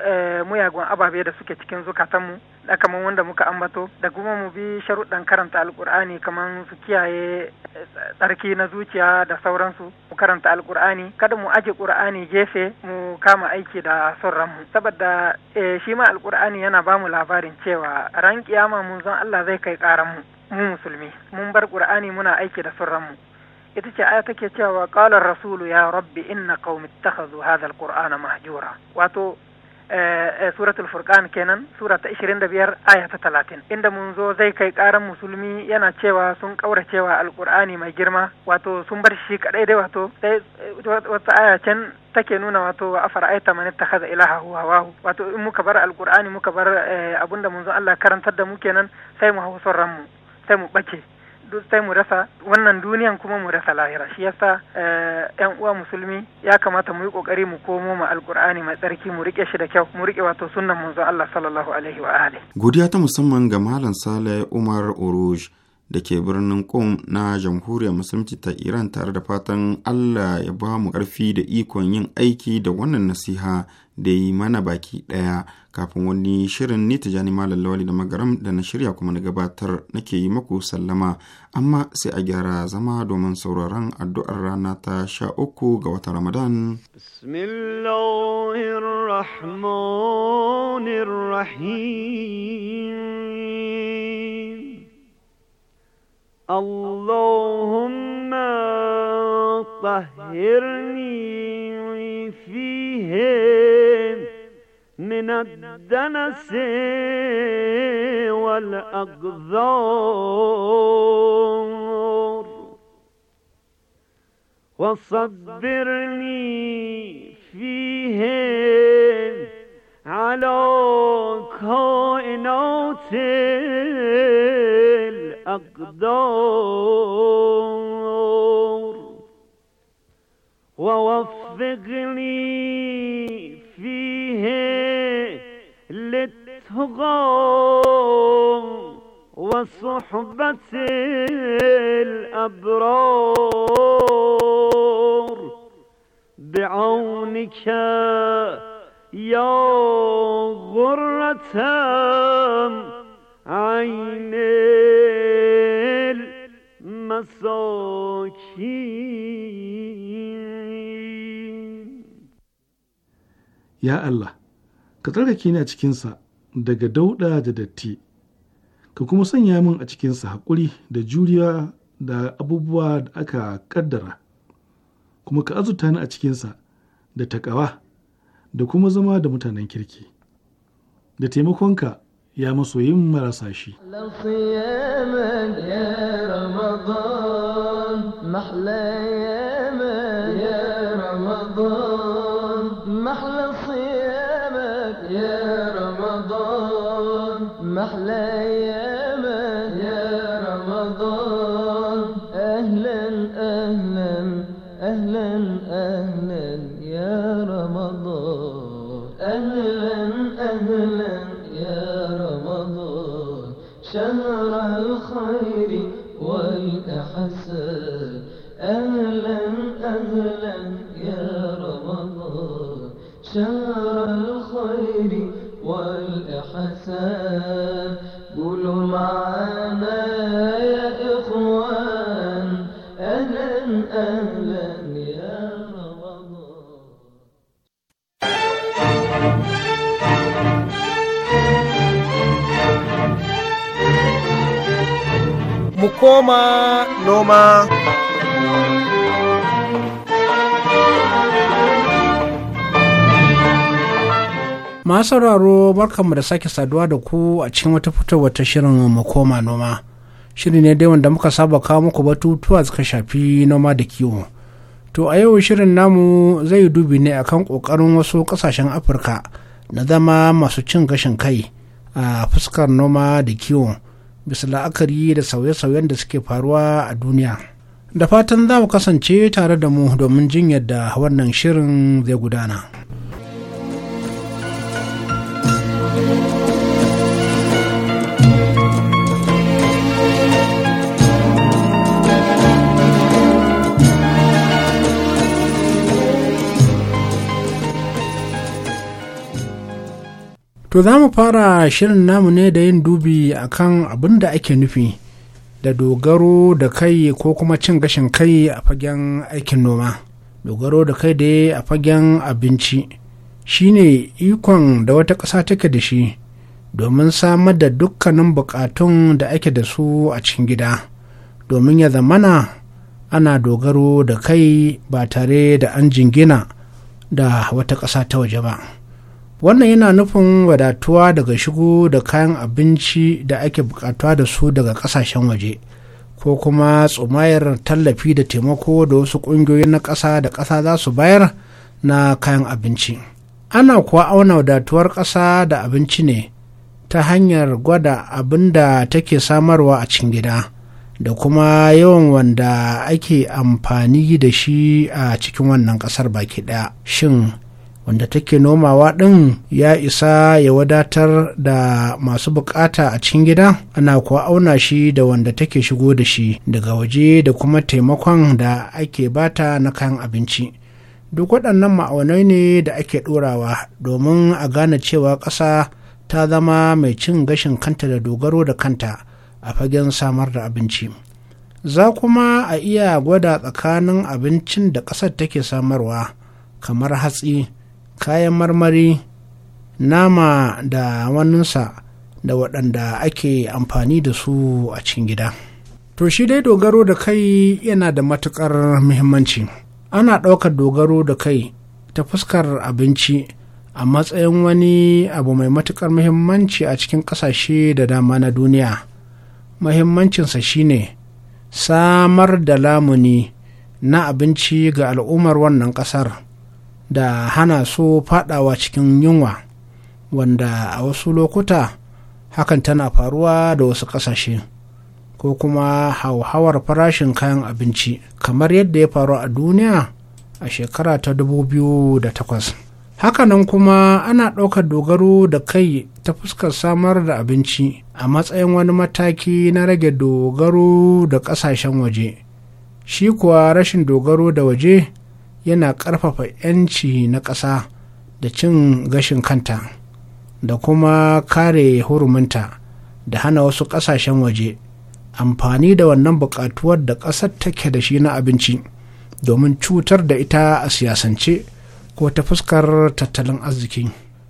muyagun ababe da suke cikin zukatanmu kamar wanda muka ambato da kuma mu bi sharuɗan karanta alkur'ani kamar su kiyaye eh, tsarki na zuciya da sauransu mu karanta alkur'ani kada mu aje ƙurani gefe mu kama aiki da son ranmu saboda eh, shi ma alkur'ani yana ba mu labarin cewa ran kiyama mun zan Allah zai kai ƙaran mu mu musulmi mun bar ƙur'ani muna aiki da son ranmu ita ce aya take cewa qala rasulu ya rabbi inna qaumi ittakhadhu hadha alqur'ana mahjura wato suratul furqan kenan sura ta 25 aya ta talatin inda mun zo zai kai karan musulmi yana cewa sun kauracewa Alkur'ani mai girma wato sun bar shi kaɗai dai wato wata aya can take nuna wato wa afara'aita man ittakhadha ilahahu hawahu wato in muka bar Alkur'ani muka bar abinda mun zo Allah karantar da mu kenan sai mu hau hausa ranmu sai mu bace duk sai mu rasa wannan duniyan kuma mu rasa lahira shi yasa yan eh, uwa musulmi ya kamata mu yi kokari mu komo ma alkur'ani mai tsarki mu rike shi da kyau mu rike wato sunnan manzon Allah sallallahu alaihi wa alihi godiya ta musamman ga malam Sale Umar Oruj da ke birnin Qom na Jamhuriyar Musulunci ta Iran tare da fatan Allah ya ba mu ƙarfi da ikon yin aiki da wannan nasiha da yi mana baki ɗaya kafin wani shirin ni tijani malam lawali da magaram da na shirya kuma na gabatar nake yi maku sallama amma sai a gyara zama domin sauraron addu'ar rana ta sha uku ga watan ramadan bismillahirrahmanirrahim اللهم طهرني فيهم من الدنس والأقذار وصبرني فيهم على كائناتهم الأقدار ووفقني فيه للتغى وصحبة الأبرار بعونك يا غرة عین المساکین ya Allah ka tsarkake ni a cikinsa daga dauɗa da datti ka kuma sanya min a cikinsa haƙuri da juriya da abubuwa da aka ƙaddara kuma ka azuta ni a cikinsa da taƙawa da kuma zama da mutanen kirki da taimakonka يا مصويم مرساشي لو صيامك يا رمضان محلى 粉是。mu koma noma. Masu sauraro barkanmu da sake saduwa da ku a cikin wata fitowar ta shirin mu koma noma. Shiri ne dai wanda muka saba kawo muku batutuwa suka shafi noma da kiwo. To a yau shirin namu zai dubi ne akan kokarin wasu kasashen Afirka na zama masu cin gashin kai a fuskar noma da kiwo. bisa la'akari da sauye-sauyen da suke faruwa a duniya da fatan za mu kasance tare da mu domin jin yadda wannan shirin zai gudana To za mu fara shirin namu ne da yin dubi akan abin da ake nufi da dogaro da kai ko kuma cin gashin kai a fagen aikin noma. Dogaro da kai da a fagen abinci shi ne ikon da wata ƙasa take da shi domin samar da dukkanin buƙatun da ake da su a cikin gida domin ya zamana ana dogaro da kai ba tare da an jingina da wata ƙasa ta waje ba. wannan yana nufin wadatuwa daga shigo da kayan abinci da ake bukatuwa da su daga kasashen waje ko kuma tsumayar tallafi da taimako da wasu ƙungiyoyin na ƙasa da ƙasa za su bayar na kayan abinci ana kuwa auna wadatuwar ƙasa da abinci ne ta hanyar gwada abin da take samarwa a cikin gida da kuma yawan wanda ake amfani da shi a cikin wannan ƙasar baki ɗaya shin wanda take nomawa ɗin ya isa ya wadatar da masu bukata a cikin gida ana kuwa auna shi da wanda take shigo da shi daga waje da kuma taimakon da ake bata na kayan abinci duk waɗannan ma'aunai ne da ake ɗorawa domin a gane cewa ƙasa ta zama mai cin gashin kanta da dogaro da kanta a fagen samar da abinci za kuma a iya gwada tsakanin abincin da ƙasar take samarwa kamar hatsi kayan marmari nama da wannansa da waɗanda ake amfani da su a cikin gida to shi dai dogaro da kai yana da matuƙar muhimmanci ana ɗaukar dogaro da kai ta fuskar abinci a matsayin wani abu mai matuƙar muhimmanci a cikin ƙasashe da dama na duniya muhimmancinsa shine samar da lamuni na abinci ga al'ummar wannan ƙasar da hana su fadawa cikin yunwa wanda a wasu lokuta hakan tana faruwa da wasu kasashe, ko kuma hauhawar farashin kayan abinci kamar yadda ya faru a duniya a shekara ta 2008 hakanan kuma ana ɗaukar dogaro da kai ta fuskar samar da abinci a matsayin wani mataki na rage dogaro da ƙasashen waje shi kuwa rashin dogaro da waje yana ƙarfafa 'yanci na ƙasa da cin gashin kanta da kuma kare huruminta da hana wasu ƙasashen waje amfani da wannan buƙatuwar da ƙasar take da shi na abinci domin cutar da ita a siyasance ko ta fuskar tattalin arziki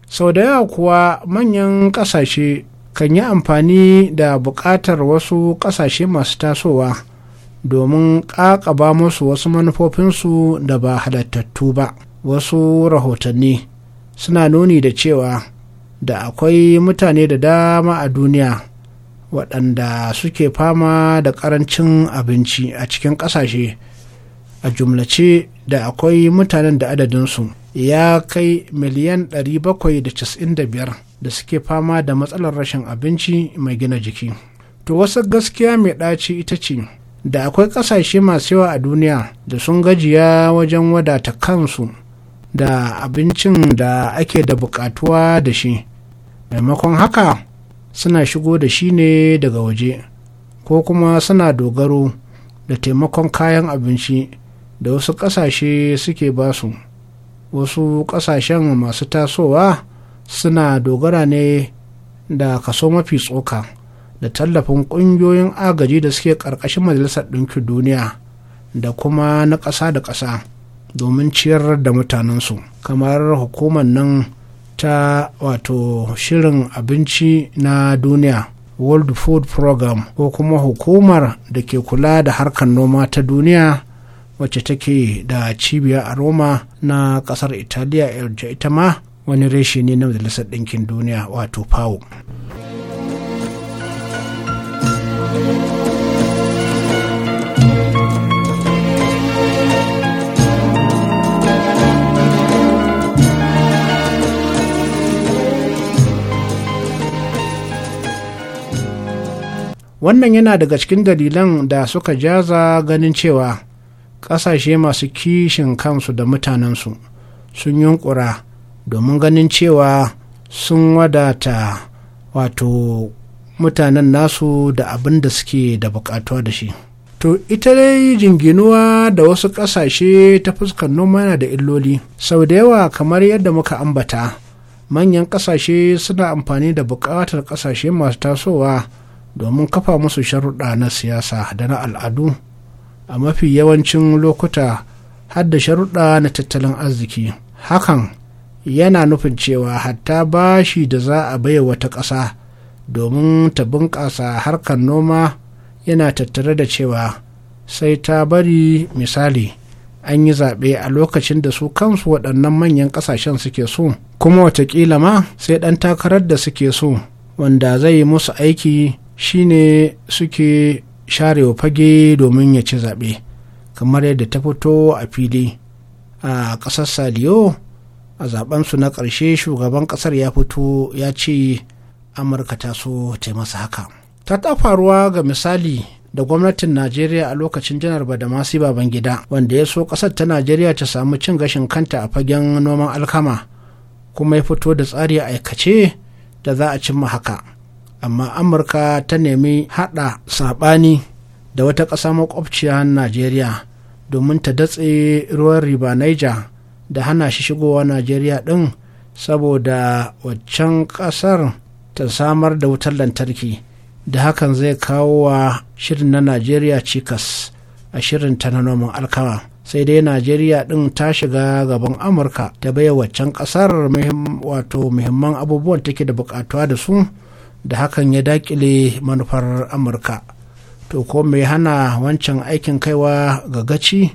sau da yawa kuwa manyan ƙasashe kan yi amfani da buƙatar wasu ƙasashe masu tasowa domin ƙaƙaba musu wasu manufofinsu da ba halattattu ba wasu rahotanni suna nuni da cewa da akwai mutane da dama a duniya waɗanda suke fama da ƙarancin abinci a cikin ƙasashe a jumlace da akwai mutanen da adadinsu ya kai miliyan 795 da suke fama da matsalar rashin abinci mai gina jiki to wasu gaskiya mai ɗaci ita ce da akwai ƙasashe masu yawa a duniya da sun gajiya wajen wadata kansu da abincin da ake da buƙatuwa da shi maimakon haka suna shigo da shi ne daga waje ko kuma suna dogaro da taimakon kayan abinci da wasu ƙasashe suke basu wasu ƙasashen masu tasowa suna dogara ne da kaso mafi tsoka da tallafin ƙungiyoyin agaji da suke ƙarƙashin majalisar ɗinkin duniya da kuma na ƙasa da ƙasa domin ciyar da mutanensu kamar hukumar nan ta wato shirin abinci na duniya world food program ko kuma hukumar da ke kula da harkar noma ta duniya wacce take da cibiya a roma na kasar italiya ita ma wani reshe ne na majalisar ɗinkin duniya wato pawo wannan yana daga cikin dalilan da suka jaza ganin cewa ƙasashe masu kishin kansu da mutanensu sun yunkura domin ganin cewa sun wadata wato mutanen nasu da abin da suke da bukatuwa da shi to ita dai jinginuwa da wasu ƙasashe ta fuskar noma yana da illoli sau da yawa kamar yadda muka ambata manyan ƙasashe suna amfani da buƙatar ƙasashe masu tasowa domin kafa musu sharuɗa na siyasa da na al'adu a mafi yawancin lokuta hadda da sharuɗa na tattalin arziki hakan yana nufin cewa hatta bashi da za a baiwa wata ƙasa domin ta bunƙasa harkar noma yana tattare da cewa sai ta bari misali an yi zaɓe a lokacin da su kansu waɗannan manyan ƙasashen suke so kuma watakila ma sai ɗan takarar da suke so wanda zai yi musu aiki shine suke sharewa fage domin ya ci zaɓe kamar yadda ta fito a fili a ƙasar saliyo a zaɓensu na ƙarshe shugaban ƙasar ya fito ya ce amurka ta so ta masa haka ta ta faruwa ga misali da gwamnatin najeriya a lokacin janar badamasi gida wanda ya so ƙasar ta najeriya ta samu cin gashin kanta a fagen noman alkama kuma ya fito da tsari a aikace da za a cimma haka amma amurka ta nemi hada sabani da wata ƙasa makwabciya najeriya domin ta datse ruwan riba niger da hana shi shigowa najeriya ɗin saboda waccan ƙasar ta samar da wutar lantarki da hakan zai kawo wa shirin na najeriya cikas a shirin ta na noman alkawa sai dai najeriya ɗin ta shiga gaban amurka ta baiwa waccan ƙasar wato muhimman abubuwan take da buƙatuwa da su da hakan ya dakile manufar amurka to ko mai hana wancan aikin kaiwa ga gaci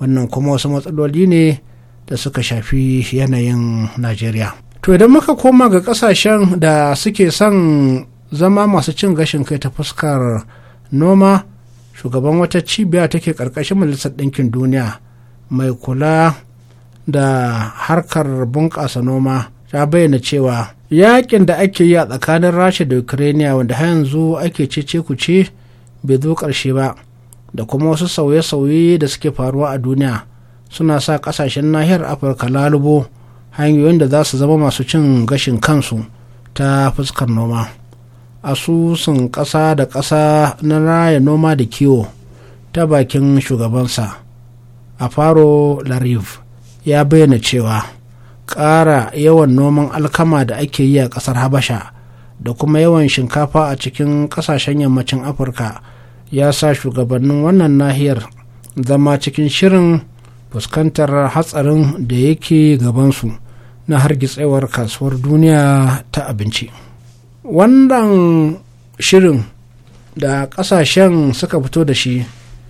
wannan kuma wasu matsaloli ne da suka shafi yanayin najeriya to idan muka koma ga kasashen da suke son zama masu cin gashin kai ta fuskar noma shugaban wata cibiya take ƙarƙashin majalisar ɗinkin duniya mai kula da harkar bunƙasa noma ta bayyana cewa yakin da ake yi a tsakanin rasha da ukraine wanda har yanzu ake cece ku ce bai zo ƙarshe ba da kuma wasu sauye-sauye da suke faruwa a duniya suna sa ƙasashen nahiyar afirka lalubo hanyoyin da za su zama masu cin gashin kansu ta fuskar noma asusun ƙasa da ƙasa na raya noma da kiwo ta bakin shugabansa a faro lariv ya bayyana cewa ƙara yawan noman alkama da ake yi a ƙasar habasha da kuma yawan shinkafa a cikin ƙasashen yammacin afirka ya sa shugabannin wannan nahiyar zama cikin shirin fuskantar hatsarin da yake gabansu na hargitsewar kasuwar duniya ta abinci wannan shirin da ƙasashen suka fito da shi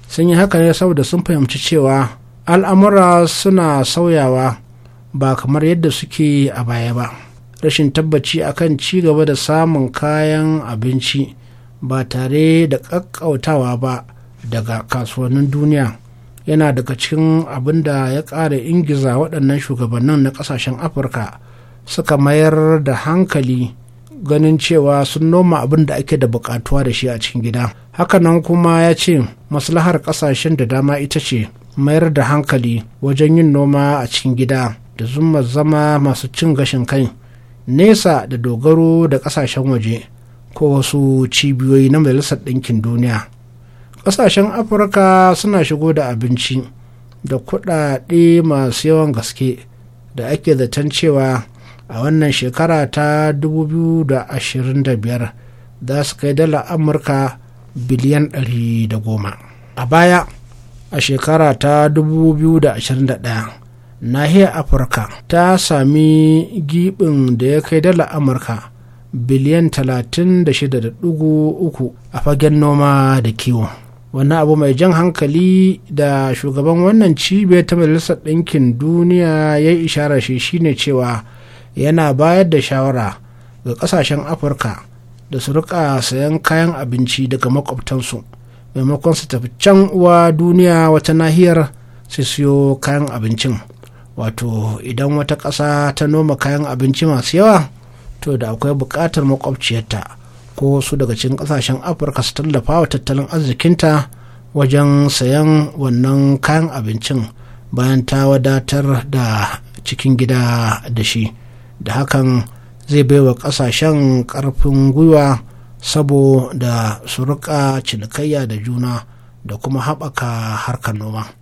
sun yi haka ne saboda sun fahimci cewa al'amura suna sauyawa ba kamar yadda suke a baya ba rashin tabbaci akan ci gaba da samun kayan abinci ba tare da ƙaƙƙautawa ba daga kasuwannin duniya yana daga cikin abin da ya ƙara ingiza waɗannan shugabannin na ƙasashen afirka suka mayar da hankali ganin cewa sun noma abin da ake da buƙatuwa da shi a cikin gida hakanan kuma ya ce maslahar ƙasashen da dama ita ce mayar da hankali wajen yin noma a cikin gida da zuma zama masu cin gashin kai nesa da dogaro da kasashen waje ko wasu cibiyoyi na majalisar ɗinkin duniya ƙasashen afirka suna shigo da abinci da kuɗaɗe masu yawan gaske da ake zaton cewa a wannan shekara ta 2025 za su kai dala amurka biliyan 110 a baya a shekara ta 2021 nahiyar afirka ta sami gibin da ya kai dala amurka biliyan 36.3 a fagen noma da kiwo wani abu mai jan hankali da shugaban wannan cibiyar ta majalisar ɗinkin duniya ya yi ishara shi shine cewa yana bayar da shawara ga ƙasashen afirka da su rika sayan kayan abinci daga makwabtansu maimakon su tafi can uwa duniya wata nahiyar su siyo kayan abincin wato idan wata ƙasa ta noma kayan abinci masu yawa to da akwai buƙatar makwabciyarta ko su daga cikin ƙasashen afirka su tallafa wa tattalin arzikinta wajen sayan wannan kayan abincin bayan ta wadatar da cikin gida da shi da hakan zai baiwa ƙasashen ƙarfin gwiwa saboda su rika cinikayya da juna da kuma haɓaka harkar noma.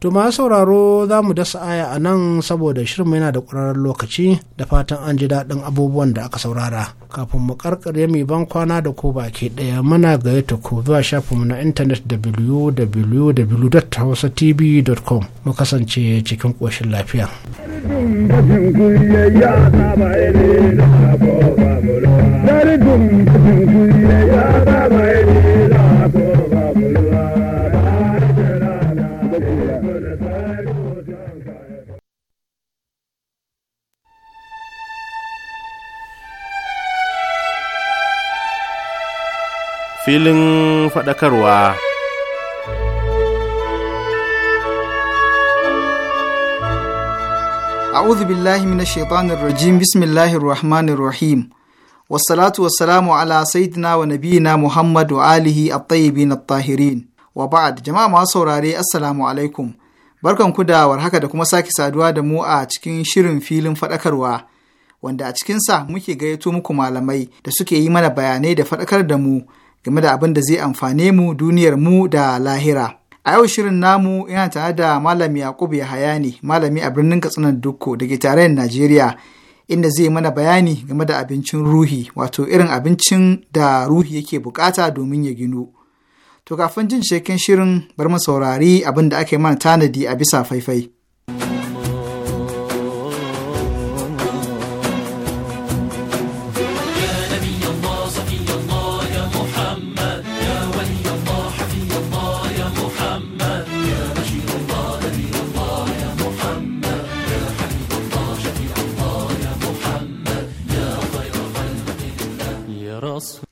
To ma sauraro za mu dasa aya a nan saboda shirin yana da ƙwararren lokaci da fatan an ji daɗin abubuwan da aka saurara. Kafin mu karkare mai ban kwana da ko baki ɗaya muna gayyata ko zuwa shafinmu na intanet www.hausatv.com mu kasance cikin ƙoshin lafiya. Dari dum dum kuyi ya ba filin faɗakarwa. A'udhu billahi mina shaitanir rajim bismillahir rahmanir rahim. Wassalatu wassalamu ala sayyidina wa nabiyina Muhammad wa alihi at-tayyibin at-tahirin. Wa ba'ad jama'a masu saurare assalamu alaikum. Barkan ku da warhaka da kuma sake saduwa da mu a cikin shirin filin fadakarwa, wanda a cikinsa muke gayyato muku malamai da suke yi mana bayanai da faɗakar da mu game da abin da zai amfane mu duniyar mu da lahira. A yau shirin namu yana tare da Malami Yakubu Yahaya ne, malami a birnin Katsinan Dukko da ke tarayyar Najeriya, inda zai mana bayani game da abincin ruhi, wato irin abincin da ruhi yake bukata domin ya ginu. To kafin jin shekin shirin bar mu saurari abin da aka yi mana tanadi a bisa faifai.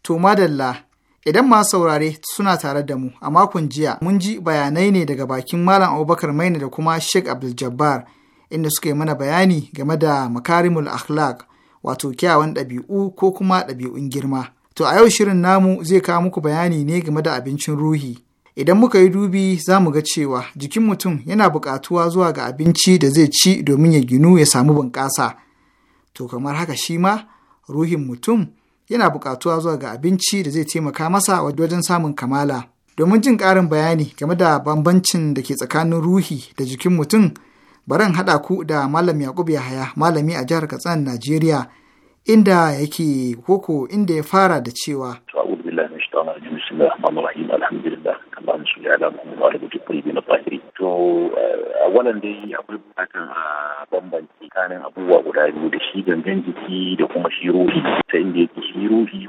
To madalla, idan ma saurare suna tare da mu a makon jiya mun ji bayanai ne daga bakin Malam Abubakar Maina da kuma Sheikh Abdul Jabbar inda suka yi mana bayani game da makarimul akhlaq wato kyawan ɗabi'u ko kuma ɗabi'un girma. To a yau shirin namu zai kawo muku bayani ne game da abincin ruhi. Idan muka yi dubi za mu ga cewa jikin mutum yana buƙatuwa zuwa ga abinci da zai ci domin ya ginu ya samu bunƙasa. To kamar haka shi ma ruhin mutum yana buƙatuwa zuwa ga abinci da zai taimaka masa wajen samun kamala. Domin jin ƙarin bayani game da bambancin da ke tsakanin ruhi da jikin mutum, baran haɗa ku da Malam Yakubu Yahaya, malami a jihar Katsina, Najeriya, inda yake koko inda ya fara da cewa. To, eh, a wannan dai akwai bukatan a bambanci tsakanin abubuwa guda biyu da shi gangan jiki da kuma shi ruhi.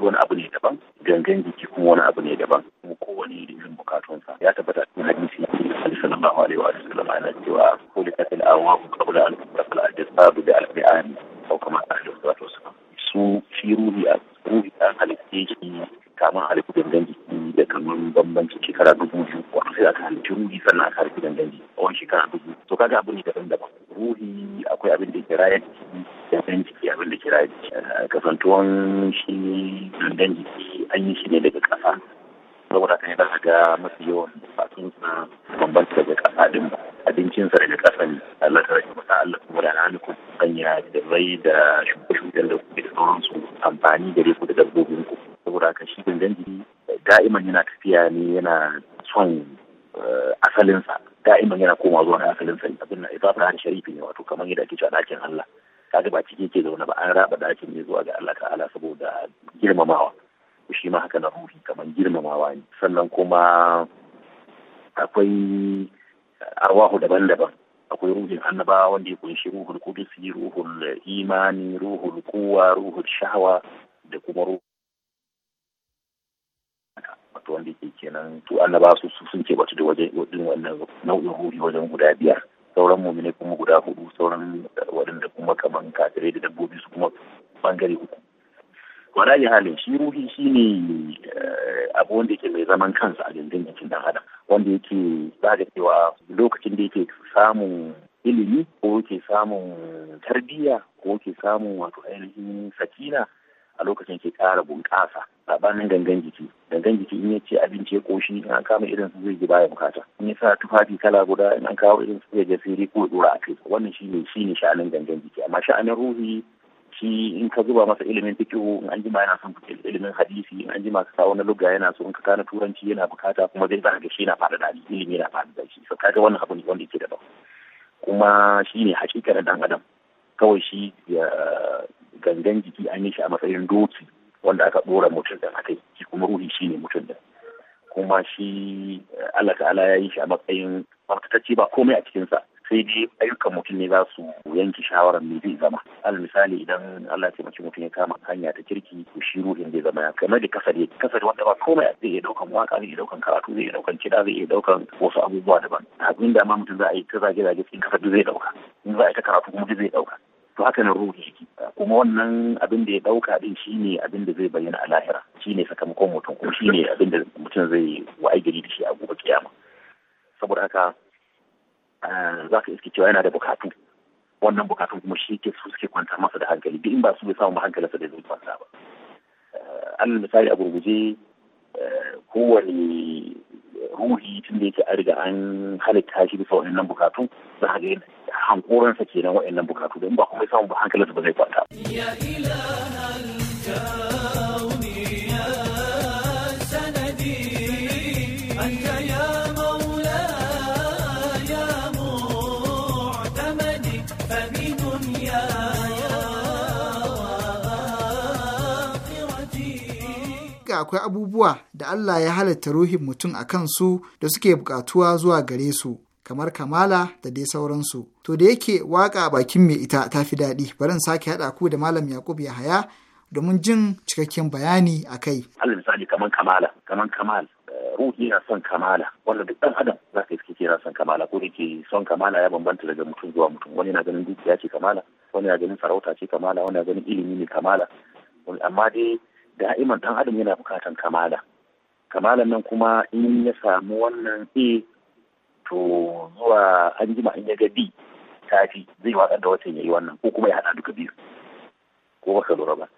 jiki wani abu ne daban gangan jiki kuma wani abu ne daban kuma kowane irin bukatunsa ya tabbata cikin hadisi sallallahu alaihi wa sallam ana cewa kulikatil awamu qabla an tafala al-jasadu bi al-fi'an ko kama ahlu sallallahu alaihi su firu ruhi a ruhi an halitta shi kama halittu gangan jiki da kaman bambanci shekara dubu biyu wato sai aka halitta ruhi sannan aka halitta gangan a wani shekara dubu to kaga abu ne daban-daban ruhi akwai abin da kira ya jiki da jiki abin da kira ya jiki eh, kasantuwan kwarai da shugaban da kuke su amfani da ku da dabbobin ku saboda haka shi gangan jiki da'iman yana tafiya ne yana son eh, asalinsa da'iman yana koma zuwa asalinsa ne abin na ifafa har sharifi ne wato kamar yadda ake cewa ɗakin Allah kaga ba ciki ke zaune ba an raba ɗakin ne zuwa ga Allah ta'ala saboda girmamawa shi ma haka na ruhi kamar girmamawa ne sannan kuma akwai arwahu daban-daban akwai ruhin annabawa wanda ya kunshi ruhul kudusi ruhul imani ruhul kuwa ruhul shahawa da kuma ruhul wato wanda ke kenan to annaba su sun ke batu da wajen wannan nau'in ruhi wajen guda biyar sauran mumine kuma guda hudu sauran waɗanda kuma kaman kafire da dabbobi su kuma bangare uku wala ya halin shi ruhi shine eh, abu wanda ke mai zaman kansa a dindin jikin dan adam wanda yake ba da cewa lokacin da yake samun ilimi ko yake samun tarbiyya ko yake samun wato ainihin sakina a lokacin ke ƙara bunƙasa sabanin gangan jiki gangan jiki in ya ce abinci ya koshi in an kama irin su zai ji baya bukata in ya sa tufafi kala guda in an kawo irin su zai ga sirri ko dora a kai wannan shine shine sha'anin gangan jiki amma sha'anin ruhi shi in ka zuba masa ilimin fiqhu in an jima yana son ilimin hadisi in an jima ka sa wani lugga yana so in ka kana turanci yana bukata kuma zai zaka shi yana faɗa dali ilimi yana faɗa da shi so kaga wannan abu ne wanda yake daban kuma shine hakikar dan adam kawai shi gangan jiki an yi shi a matsayin doki wanda aka ɗora mutum da akai shi kuma ruhi shine mutum da kuma shi Allah ta'ala ya yi shi a matsayin ba komai a cikinsa sai dai ayyukan mutum ne za su yanke shawarar me zai zama al misali idan Allah ya ce mutum ya kama hanya ta kirki to shi ruhin zai zama ya kamar da ya kasar wanda ba komai zai iya daukan waka zai iya daukan karatu zai iya daukan kiɗa zai iya daukan wasu abubuwa daban abin da ma mutum za a yi ta zage zage cikin kasar zai dauka in za a yi ta karatu kuma zai dauka to haka nan ruhi shi. kuma wannan abin da ya dauka din shine abin da zai bayyana a lahira shine sakamakon mutum kuma shine abin da mutum zai wa'ai gari da shi a gobe kiyama saboda haka Eh, za ka iske cewa yana da bukatu wannan bukatun kuma shi ke su suke kwantar masa da hankali duk in ba su bai samu hankalinsa da zai kwanta ba eh, an misali a gurguje eh, kowane ruhi tun da yake an riga an halitta shi bisa wa'annan bukatu za a ga hankoransa kenan wa'annan bukatu in ba kuma samu ba hankalinsa ba zai kwanta. Ya akwai abubuwa da Allah ya halatta ruhin mutum a kansu da suke bukatuwa zuwa gare su kamar kamala da dai sauransu to da yake waka bakin mai ita ta fi daɗi bari sake haɗa ku da malam Yakub Yahaya domin jin cikakken bayani a kai. Alal misali kamar kamala kamar kamal eh, ruhi na son kamala wanda duk ɗan adam za ka iske yana son kamala ko yake son kamala ya bambanta daga mutum zuwa mutum wani na ganin dukiya ce kamala wani na ganin sarauta ce kamala wani na ganin ilimi ne kamala amma dai da'iman ɗan adam yana bukatan kamala kamalan nan kuma in ya samu wannan a to zuwa an jima in ya ga b tafi zai wa da watan ya yi wannan ko kuma ya haɗa duka biyu ko baka lura ba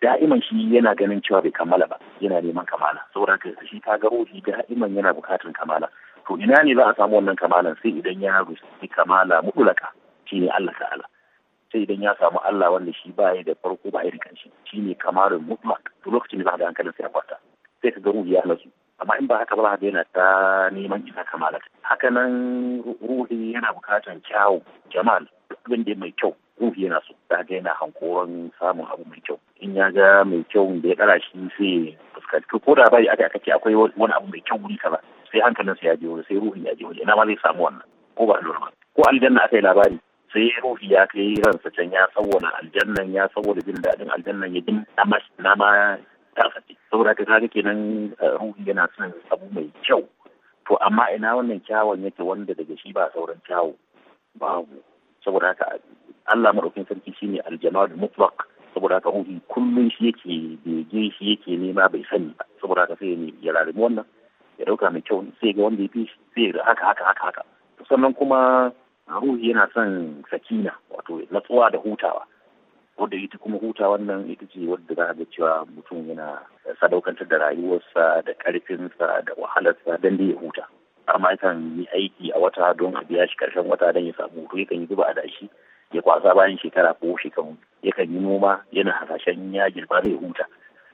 da'iman shi yana ganin cewa bai kammala ba yana neman kamala saboda haka shi ta ga ruhi da'iman yana bukatan kamala to ina ne za a samu wannan kamalan sai idan ya rusi kamala mutulaka shine Allah ta'ala sai idan ya samu Allah wanda shi ba da farko ba da kanshi shi ne kamarin mutlak to lokacin da za ka hankalin sai ya kwata sai ka ga ruhi ya nasu amma in ba haka ba haka yana ta neman isa kamala haka nan ruhi yana bukatar kyawu jamal abin da mai kyau ruhi yana so da haka yana hankoron samun abu mai kyau in ya ga mai kyau da ya kara shi sai fuskanci ko da bai aka kace akwai wani abu mai kyau wuri kaza sai hankalinsa ya je wuri sai ruhin ya je wuri ina ma zai samu wannan ko ba lura ba ko aljanna aka yi labari sai ruhi ya kai ransa can ya saboda aljannan ya saboda jin daɗin aljannan ya jin nama ta faɗi saboda ka kaga kenan eh, ruhi yana son abu mai kyau to amma ina wannan kyawun yake wanda daga shi ba sauran kyawu babu saboda haka Allah madaukin sarki shine Aljamal mutlaq saboda haka ruhi kullum shi yake bege shi yake nema bai sani ba saboda haka sai ya rarrabi wannan ya dauka mai kyau sai ga wanda ya fi sai ga haka haka haka haka sannan kuma ruhi yana son sakina wato natsuwa da hutawa wadda ita kuma huta wannan ita ce wadda za a ga cewa mutum yana sadaukantar da rayuwarsa da karfinsa da wahalarsa don da ya huta amma yakan yi aiki a wata don a biya shi karshen wata don ya samu hutu yakan yi zuba a dashi ya kwasa bayan shekara ko shekaru yakan yi noma yana hasashen ya girba zai huta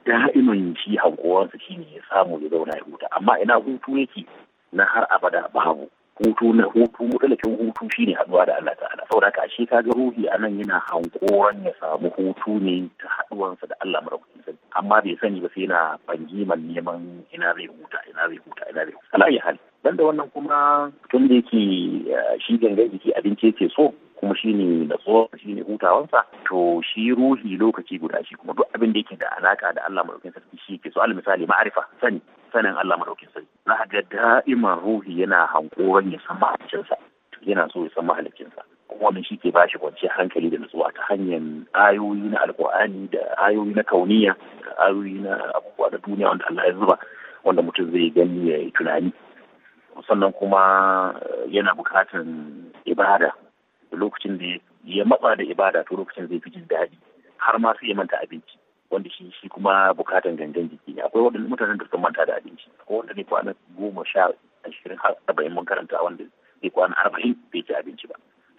Da da'imin shi hankowarsa shi ne ya samu ya zauna ya huta amma ina hutu yake na har abada babu hutu na hutu mutsalakin hutu shine haduwa da Allah ta'ala saboda ka ashe kaga ruhi anan yana hankoran ya samu hutu ne ta haduwansa da Allah madaukakin sani amma bai sani ba sai yana bangiman neman ina zai huta ina zai huta ina zai huta ala hali dan da wannan kuma tun da yake eh, shi gangan jiki abinci yake so kuma shi ne natsuwa shi ne hutawansa to shi ruhi lokaci guda shi kuma duk abin da yake da alaka da Allah madaukakin sani shi ke so alal misali ma'arifa sani sanin Allah madaukin sarki za a ga da'iman ruhi yana hankoron ya san mahalicinsa yana so ya san mahalicinsa kuma wannan shi ke bashi kwanciyar hankali da nutsuwa ta hanyar ayoyi na alkur'ani da ayoyi na kauniya da ayoyi na abubuwa da duniya wanda Allah ya zuba wanda mutum zai gani ya yi tunani sannan kuma eh, yana bukatan ibada lokacin da ya matsa da ibada to lokacin zai fi jin daɗi har ma sai ya manta abinci wanda shi shi kuma bukatan gangan jiki ne akwai waɗanda mutanen da suka manta da abinci akwai wanda ne kwana goma sha ashirin har arba'in mun karanta wanda zai kwana arba'in bai ci abinci ba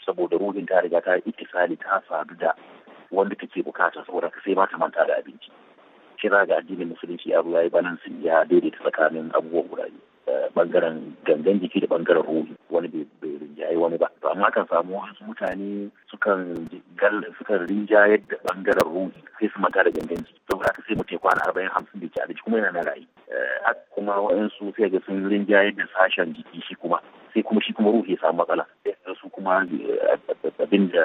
saboda ruhin ta riga ta ittisali ta sadu da wanda take bukata saboda ka sai ba manta da abinci shi za ga addinin musulunci ya ruwa ya su ya daidaita tsakanin abubuwan guda bangaren gangan jiki da bangaren ruhi wani bai rinjaye wani ba to amma kan samu wasu mutane sukan sukan rinjaye da bangaren ruhi sai su mata da gangan jiki to haka sai mutum kwana arba'in hamsin da ke kuma yana na rayu eh, kuma wa'insu sai ga sun rinjaye da sashen jiki shi kuma sai kuma shi kuma ruhi ya samu matsala su kuma eh, abin da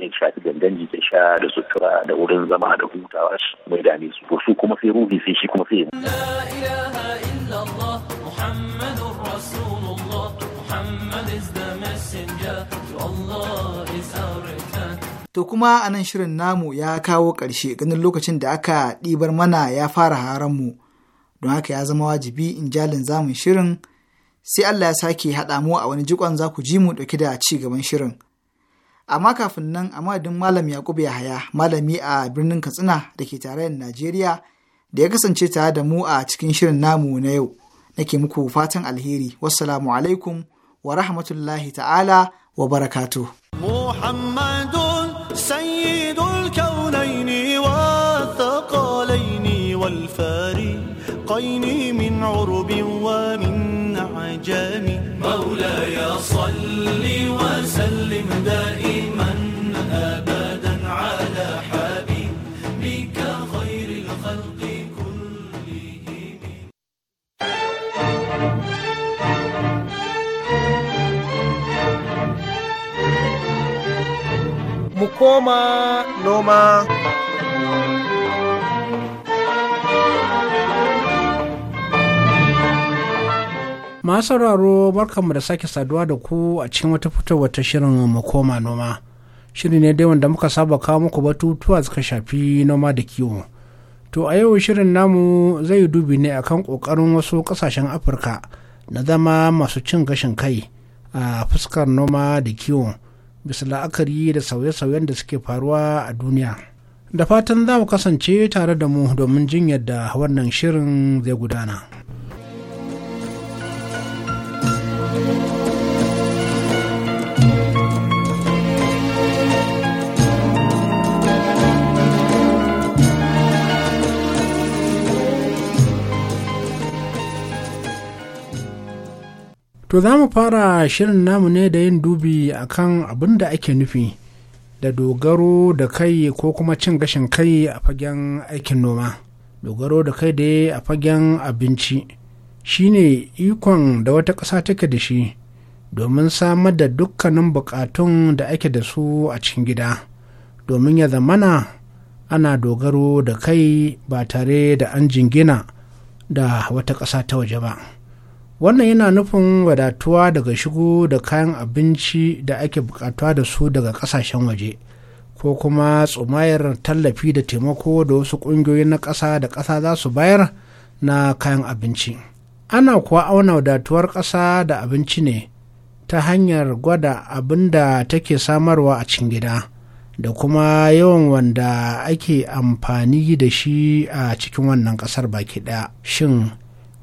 ya shafi gangan jiki sha da sutura da wurin zama da hutawa mai dame su su kuma sai ruhi sai shi kuma sai الله محمد رسول الله is the messenger to Allah is our return To kuma a nan shirin namu ya kawo ƙarshe ganin lokacin da aka ɗibar mana ya fara haranmu, don haka ya zama wajibi in jalin zamun shirin sai Allah ya sake haɗa mu a wani jikon za ku ji mu ɗauki da ci gaban shirin. Amma kafin nan a madadin Malam Yakubu Yahaya, malami a birnin Katsina da ke tarayyar Najeriya, da ya kasance tare da mu a cikin shirin namu na yau nake muku fatan alheri wassalamu alaikum wa rahmatullahi ta'ala wa barakatu muhammadun sayyidul kaunaini wa thaqalaini wal fari qaini min urbin wa min ajami ya salli wa sallim noma noma. Masu sauraro barkanmu da sake saduwa da ku a cikin wata fitowar ta shirin mu koma noma. Shiri ne dai wanda muka saba kawo muku batutuwa suka shafi noma da kiwo. To a yau shirin namu zai yi dubi ne akan kokarin wasu kasashen Afirka na zama masu cin gashin kai a fuskar noma da kiwo. bisa la'akari da sauye-sauyen da suke faruwa a duniya da fatan za mu kasance tare da mu domin jin yadda wannan shirin zai gudana To za mu fara shirin namu ne da yin dubi akan abin da ake nufi da dogaro da kai ko kuma cin gashin kai a fagen aikin noma. Dogaro da kai da a fagen abinci shi ne ikon da wata ƙasa take da shi domin samar da dukkanin buƙatun da ake da su a cikin gida domin ya zamana ana dogaro da kai ba tare da an jingina da wata ƙasa ta waje ba. wannan yana nufin wadatuwa daga shigo da kayan abinci da ake bukatuwa da su daga kasashen waje ko kuma tsumayar tallafi da taimako da wasu ƙungiyoyin na ƙasa da ƙasa za su bayar na kayan abinci ana kuwa auna wadatuwar ƙasa da abinci ne ta hanyar gwada abin da take samarwa a cikin gida da kuma yawan wanda ake amfani da shi a cikin wannan ƙasar baki ɗaya shin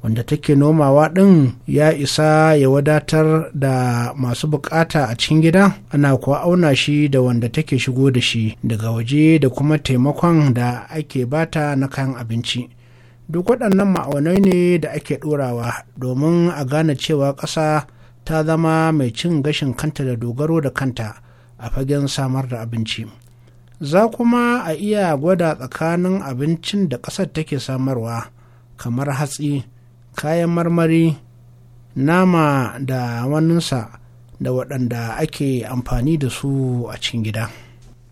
wanda take nomawa ɗin ya isa ya wadatar da masu bukata a cikin gida ana kuwa auna shi da wanda take shigo da shi daga waje da kuma taimakon da ake bata na kayan abinci duk waɗannan ma'aunai ne da ake ɗorawa domin a gane cewa ƙasa ta zama mai cin gashin kanta da dogaro da kanta a fagen samar da abinci za kuma a iya gwada tsakanin abincin da ƙasar take samarwa kamar hatsi kayan marmari nama da waninsa da waɗanda ake amfani da su a cikin gida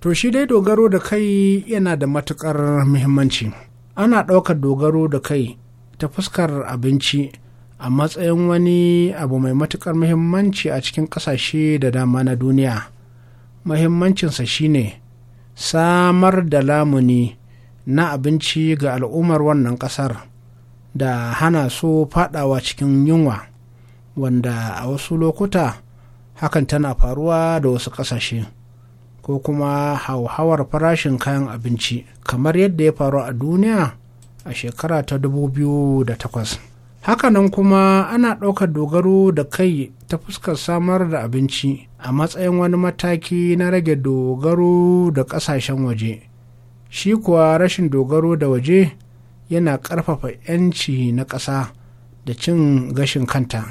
to shi dai dogaro da kai yana da matuƙar muhimmanci ana ɗaukar dogaro da kai ta fuskar abinci a matsayin wani abu mai matuƙar muhimmanci a cikin ƙasashe da dama na duniya muhimmancinsa shine samar da lamuni na abinci ga al'ummar wannan ƙasar da hana su fadawa cikin yunwa wanda a wasu lokuta hakan tana faruwa da wasu ƙasashe ko kuma hauhawar farashin kayan abinci kamar yadda ya faru a duniya a shekara ta 2008 hakanan kuma ana ɗaukar dogaro da kai ta fuskar samar da abinci a matsayin wani mataki na rage dogaro da ƙasashen waje shi kuwa rashin dogaro da waje yana ƙarfafa 'yanci na ƙasa da cin gashin kanta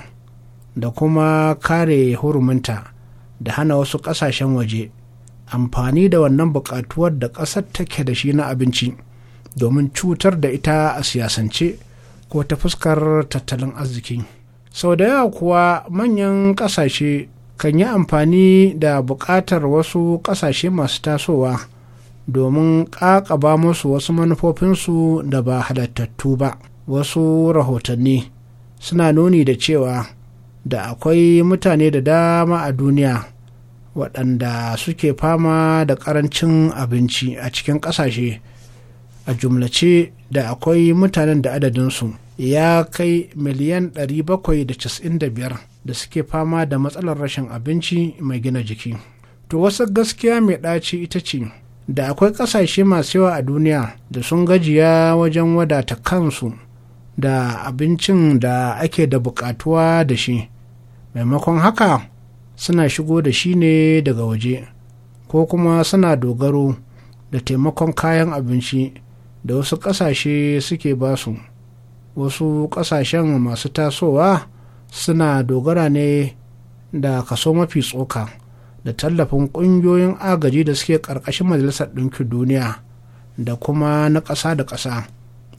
da kuma kare huruminta da hana wasu ƙasashen waje amfani da wannan buƙatuwar da ƙasar take da shi na abinci domin cutar da ita a siyasance ko ta fuskar tattalin arziki sau da yawa kuwa manyan ƙasashe kan yi amfani da buƙatar wasu ƙasashe masu tasowa domin ƙaƙaba musu wasu manufofinsu da ba halattattu ba wasu rahotanni suna nuni da cewa da akwai mutane da dama a duniya waɗanda suke fama da ƙarancin abinci a cikin ƙasashe a jumlace da akwai mutanen da adadinsu ya kai miliyan 795 da suke fama da matsalar rashin abinci mai gina jiki to wasu gaskiya mai ɗaci ita ce da akwai ƙasashe masu yawa a duniya da sun gajiya wajen wadata kansu da abincin da ake da buƙatuwa da shi maimakon haka suna shigo da shi ne daga waje ko kuma suna dogaro da taimakon kayan abinci da wasu ƙasashe suke basu wasu ƙasashen masu tasowa suna dogara ne da kaso mafi tsoka da tallafin ƙungiyoyin agaji da suke ƙarƙashin majalisar ɗinkin duniya da kuma na ƙasa da ƙasa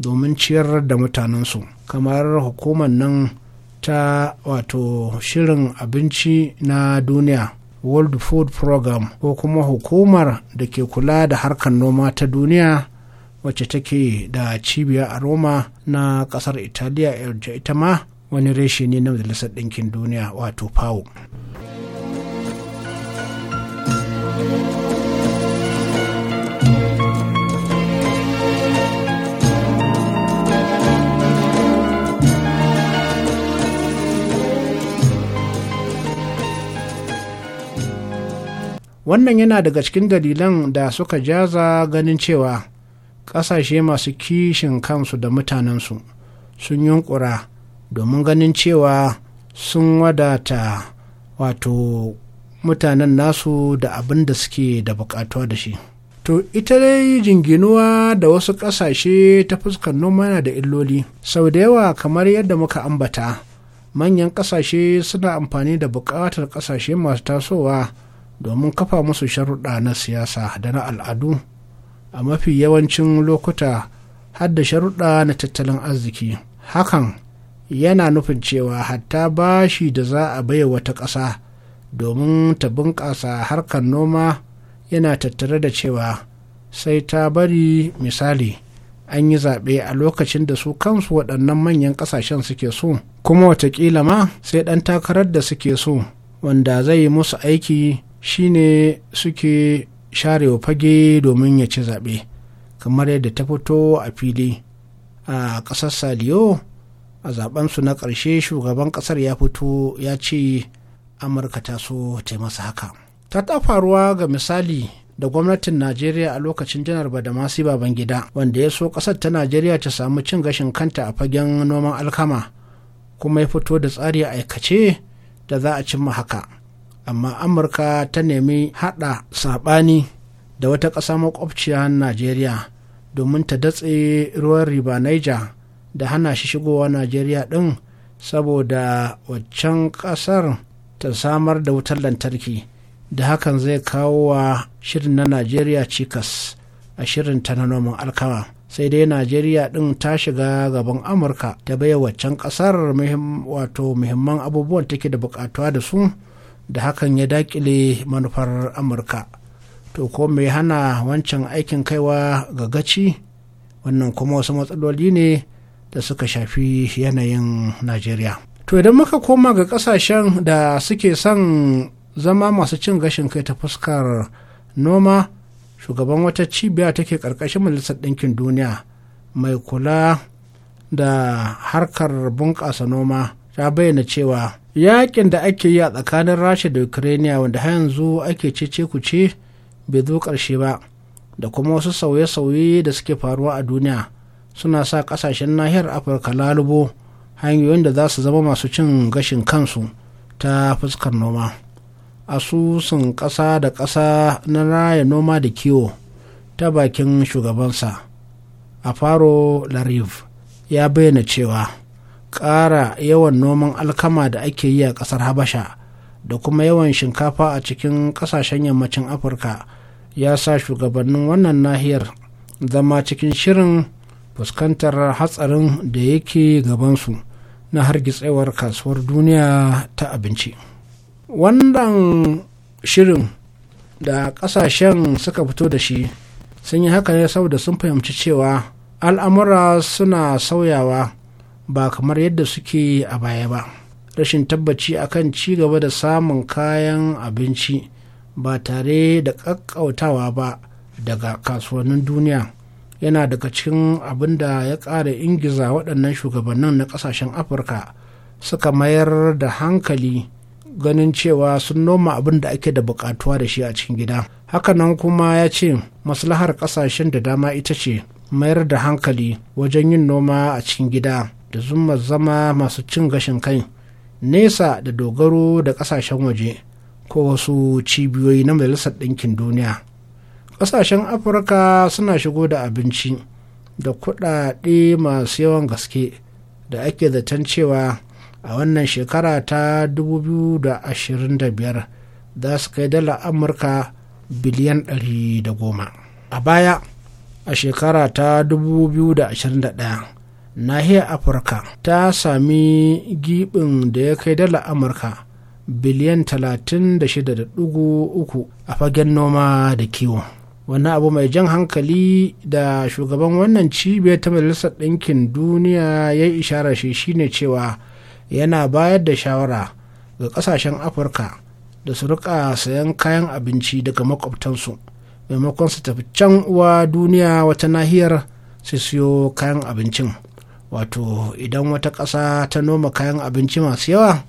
domin ciyar da mutanensu kamar hukumar nan ta wato shirin abinci na duniya world food program ko kuma hukumar da ke kula da harkar noma ta duniya wacce take da cibiya a roma na kasar italiya ita ma wani reshe ne na majalisar ɗinkin duniya wato fawo wannan yana daga cikin dalilan da suka jaza ganin cewa ƙasashe masu kishin kansu da mutanensu sun yunkura domin ganin cewa sun wadata wato mutanen nasu da abin da suke da bukatuwa da shi to ita dai jinginuwa da wasu ƙasashe ta fuskar noma na da illoli sau da yawa kamar yadda muka ambata manyan ƙasashe suna amfani da buƙatar ƙasashe masu tasowa domin kafa musu sharuɗa na siyasa da na al'adu a mafi yawancin lokuta har da sharuɗa na tattalin arziki hakan yana nufin cewa hatta bashi da za a baiwa wata ƙasa domin ta bunƙasa harkar noma yana tattare da cewa sai ta bari misali an yi zaɓe a lokacin da su kansu waɗannan manyan ƙasashen suke so kuma watakila ma sai ɗan takarar da suke so wanda zai musu aiki shine suke sharewa fage domin ya ci zaɓe kamar yadda ta fito a fili a ƙasar saliyo a zaɓensu na ƙarshe shugaban ƙasar ya fito ya ce amurka ta so ta masa haka ta ta faruwa ga misali da gwamnatin najeriya a lokacin janar badamasi babangida wanda ya so kasar ta najeriya ta samu cin gashin kanta a fagen noman alkama kuma ya fito da tsari aikace da za a cimma haka amma amurka ta nemi hada sabani da wata ƙasa makwabciya najeriya domin ta datse ruwan riba naija da hana shi shigowa najeriya ɗin saboda waccan ƙasar ta samar da wutar lantarki da hakan zai kawo wa shirin na najeriya cikas a shirin ta na noman alkawa sai dai najeriya din ta shiga gaban amurka ta baya waccan kasar wato muhimman abubuwan take da bukatuwa da su da hakan ya dakile manufar amurka to ko mai hana wancan aikin kaiwa ga gaci wannan kuma wasu matsaloli ne da suka shafi yanayin najeriya to idan muka koma ga kasashen da suke son zama masu cin gashin kai ta fuskar noma shugaban wata cibiya take ƙarƙashin majalisar ɗinkin duniya mai kula da harkar bunƙasa noma ta bayyana cewa yakin da ake yi a tsakanin rasha da ukraine wanda har yanzu ake cece ce bai zo ƙarshe ba da kuma wasu sauye-sauye da suke faruwa a duniya suna sa ƙasashen nahiyar afirka lalubo hanyoyin da za su zama masu cin gashin kansu ta fuskar noma asusun ƙasa da ƙasa na raya noma da kiwo ta bakin shugabansa a faro lariv ya bayyana cewa ƙara yawan noman alkama da ake yi a ƙasar habasha da kuma yawan shinkafa a cikin ƙasashen yammacin afirka ya sa shugabannin wannan nahiyar zama cikin shirin fuskantar hatsarin da yake gabansu na hargitsewar kasuwar duniya ta abinci wannan shirin da ƙasashen suka fito da shi sun yi haka ne saboda sun fahimci cewa al'amura suna sauyawa ba kamar yadda suke a baya ba rashin tabbaci akan ci gaba da samun kayan abinci ba tare da ƙaƙƙautawa ba daga kasuwannin duniya yana daga cikin abin da ya ƙara ingiza waɗannan shugabannin na ƙasashen afirka suka mayar da hankali ganin cewa sun noma abin da ake da buƙatuwa da shi a cikin gida nan kuma ya ce maslahar ƙasashen da dama ita ce mayar da hankali wajen yin noma a cikin gida da zuma zama masu cin gashin kai nesa da dogaro da ƙasashen waje ko wasu cibiyoyi na majalisar ɗinkin duniya ƙasashen afirka suna shigo da abinci da kuɗaɗe masu yawan gaske da ake zaton cewa a wannan shekara ta 2025 za su kai dala amurka biliyan 110 a baya a shekara ta 2021 nahiyar afirka ta sami gibin da ya kai dala amurka biliyan 36.3 a fagen noma da kiwo wani abu mai jan hankali da shugaban wannan cibiyar ta majalisar ɗinkin duniya ya yi ishara shi shine cewa yana bayar da shawara ga ƙasashen afirka da su rika sayan kayan abinci daga makwabtansu maimakon su tafi can uwa duniya wata nahiyar su siyo kayan abincin wato idan wata ƙasa ta noma kayan abinci masu yawa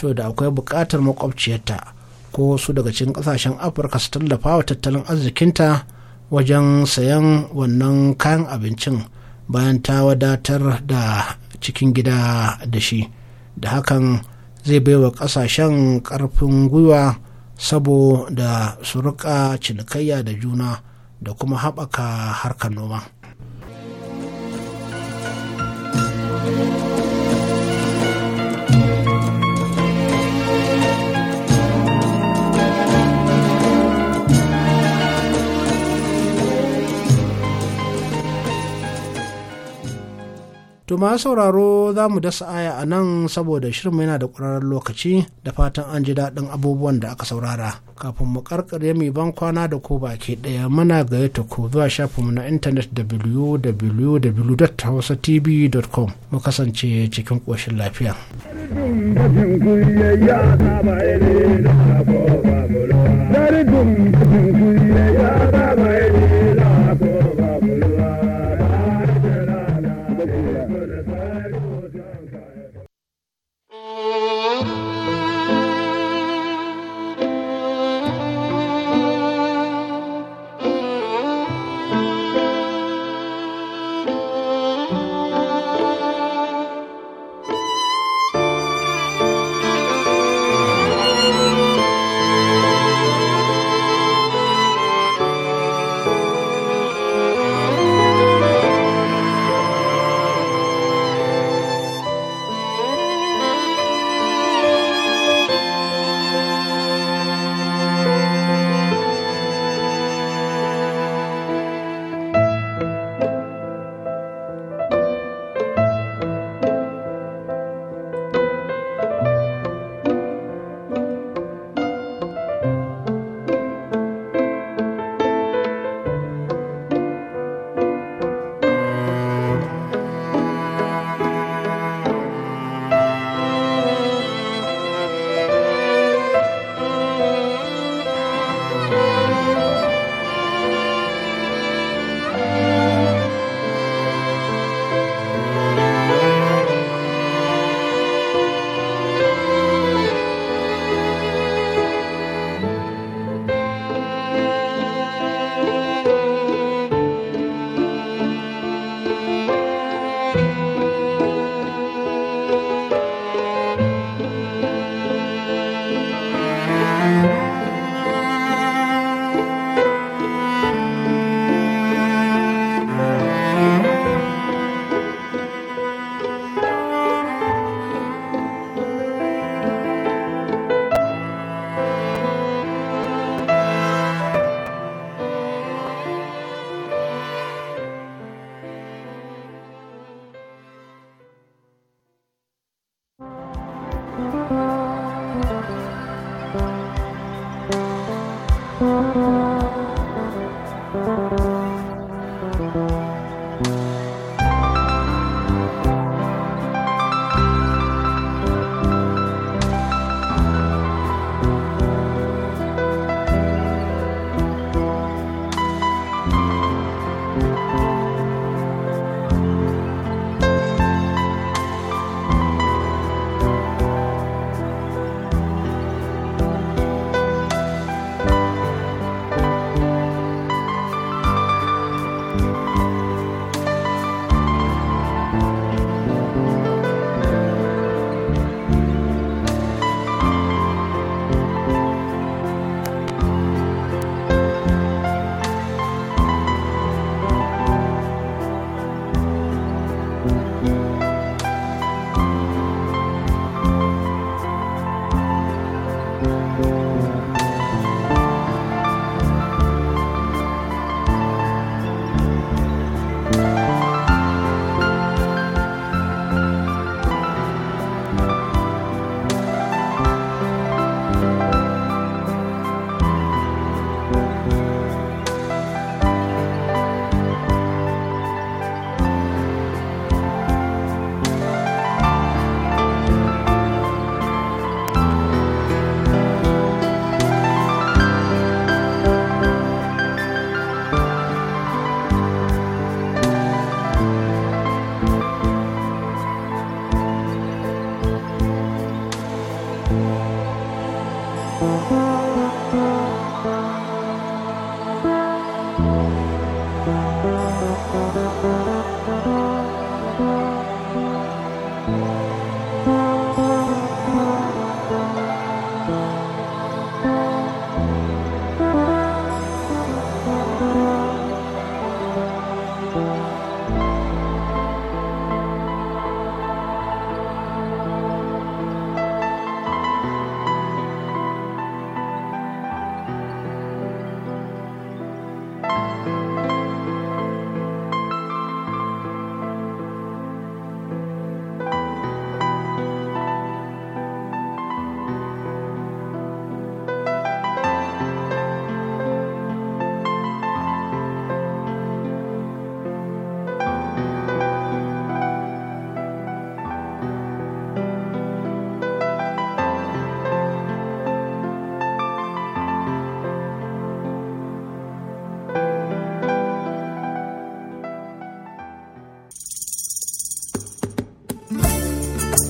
to da akwai buƙatar makwabciyarta ko wasu daga cikin kasashen afirka su tallafa wa tattalin arzikinta wajen sayan wannan kayan abincin bayan ta wadatar da cikin gida da shi da hakan zai baiwa kasashen karfin gwiwa saboda su rika cinikayya da juna da kuma haɓaka harkar noma. To ma sauraro za mu dasa aya a nan saboda shirin yana da ƙwararren lokaci da fatan an ji daɗin abubuwan da aka saurara. Kafin mu karkare mai ban kwana da ko baki ɗaya muna ta ko zuwa shafinmu na intanet www.hausatv.com mu kasance cikin ƙoshin lafiya. Dari dum ya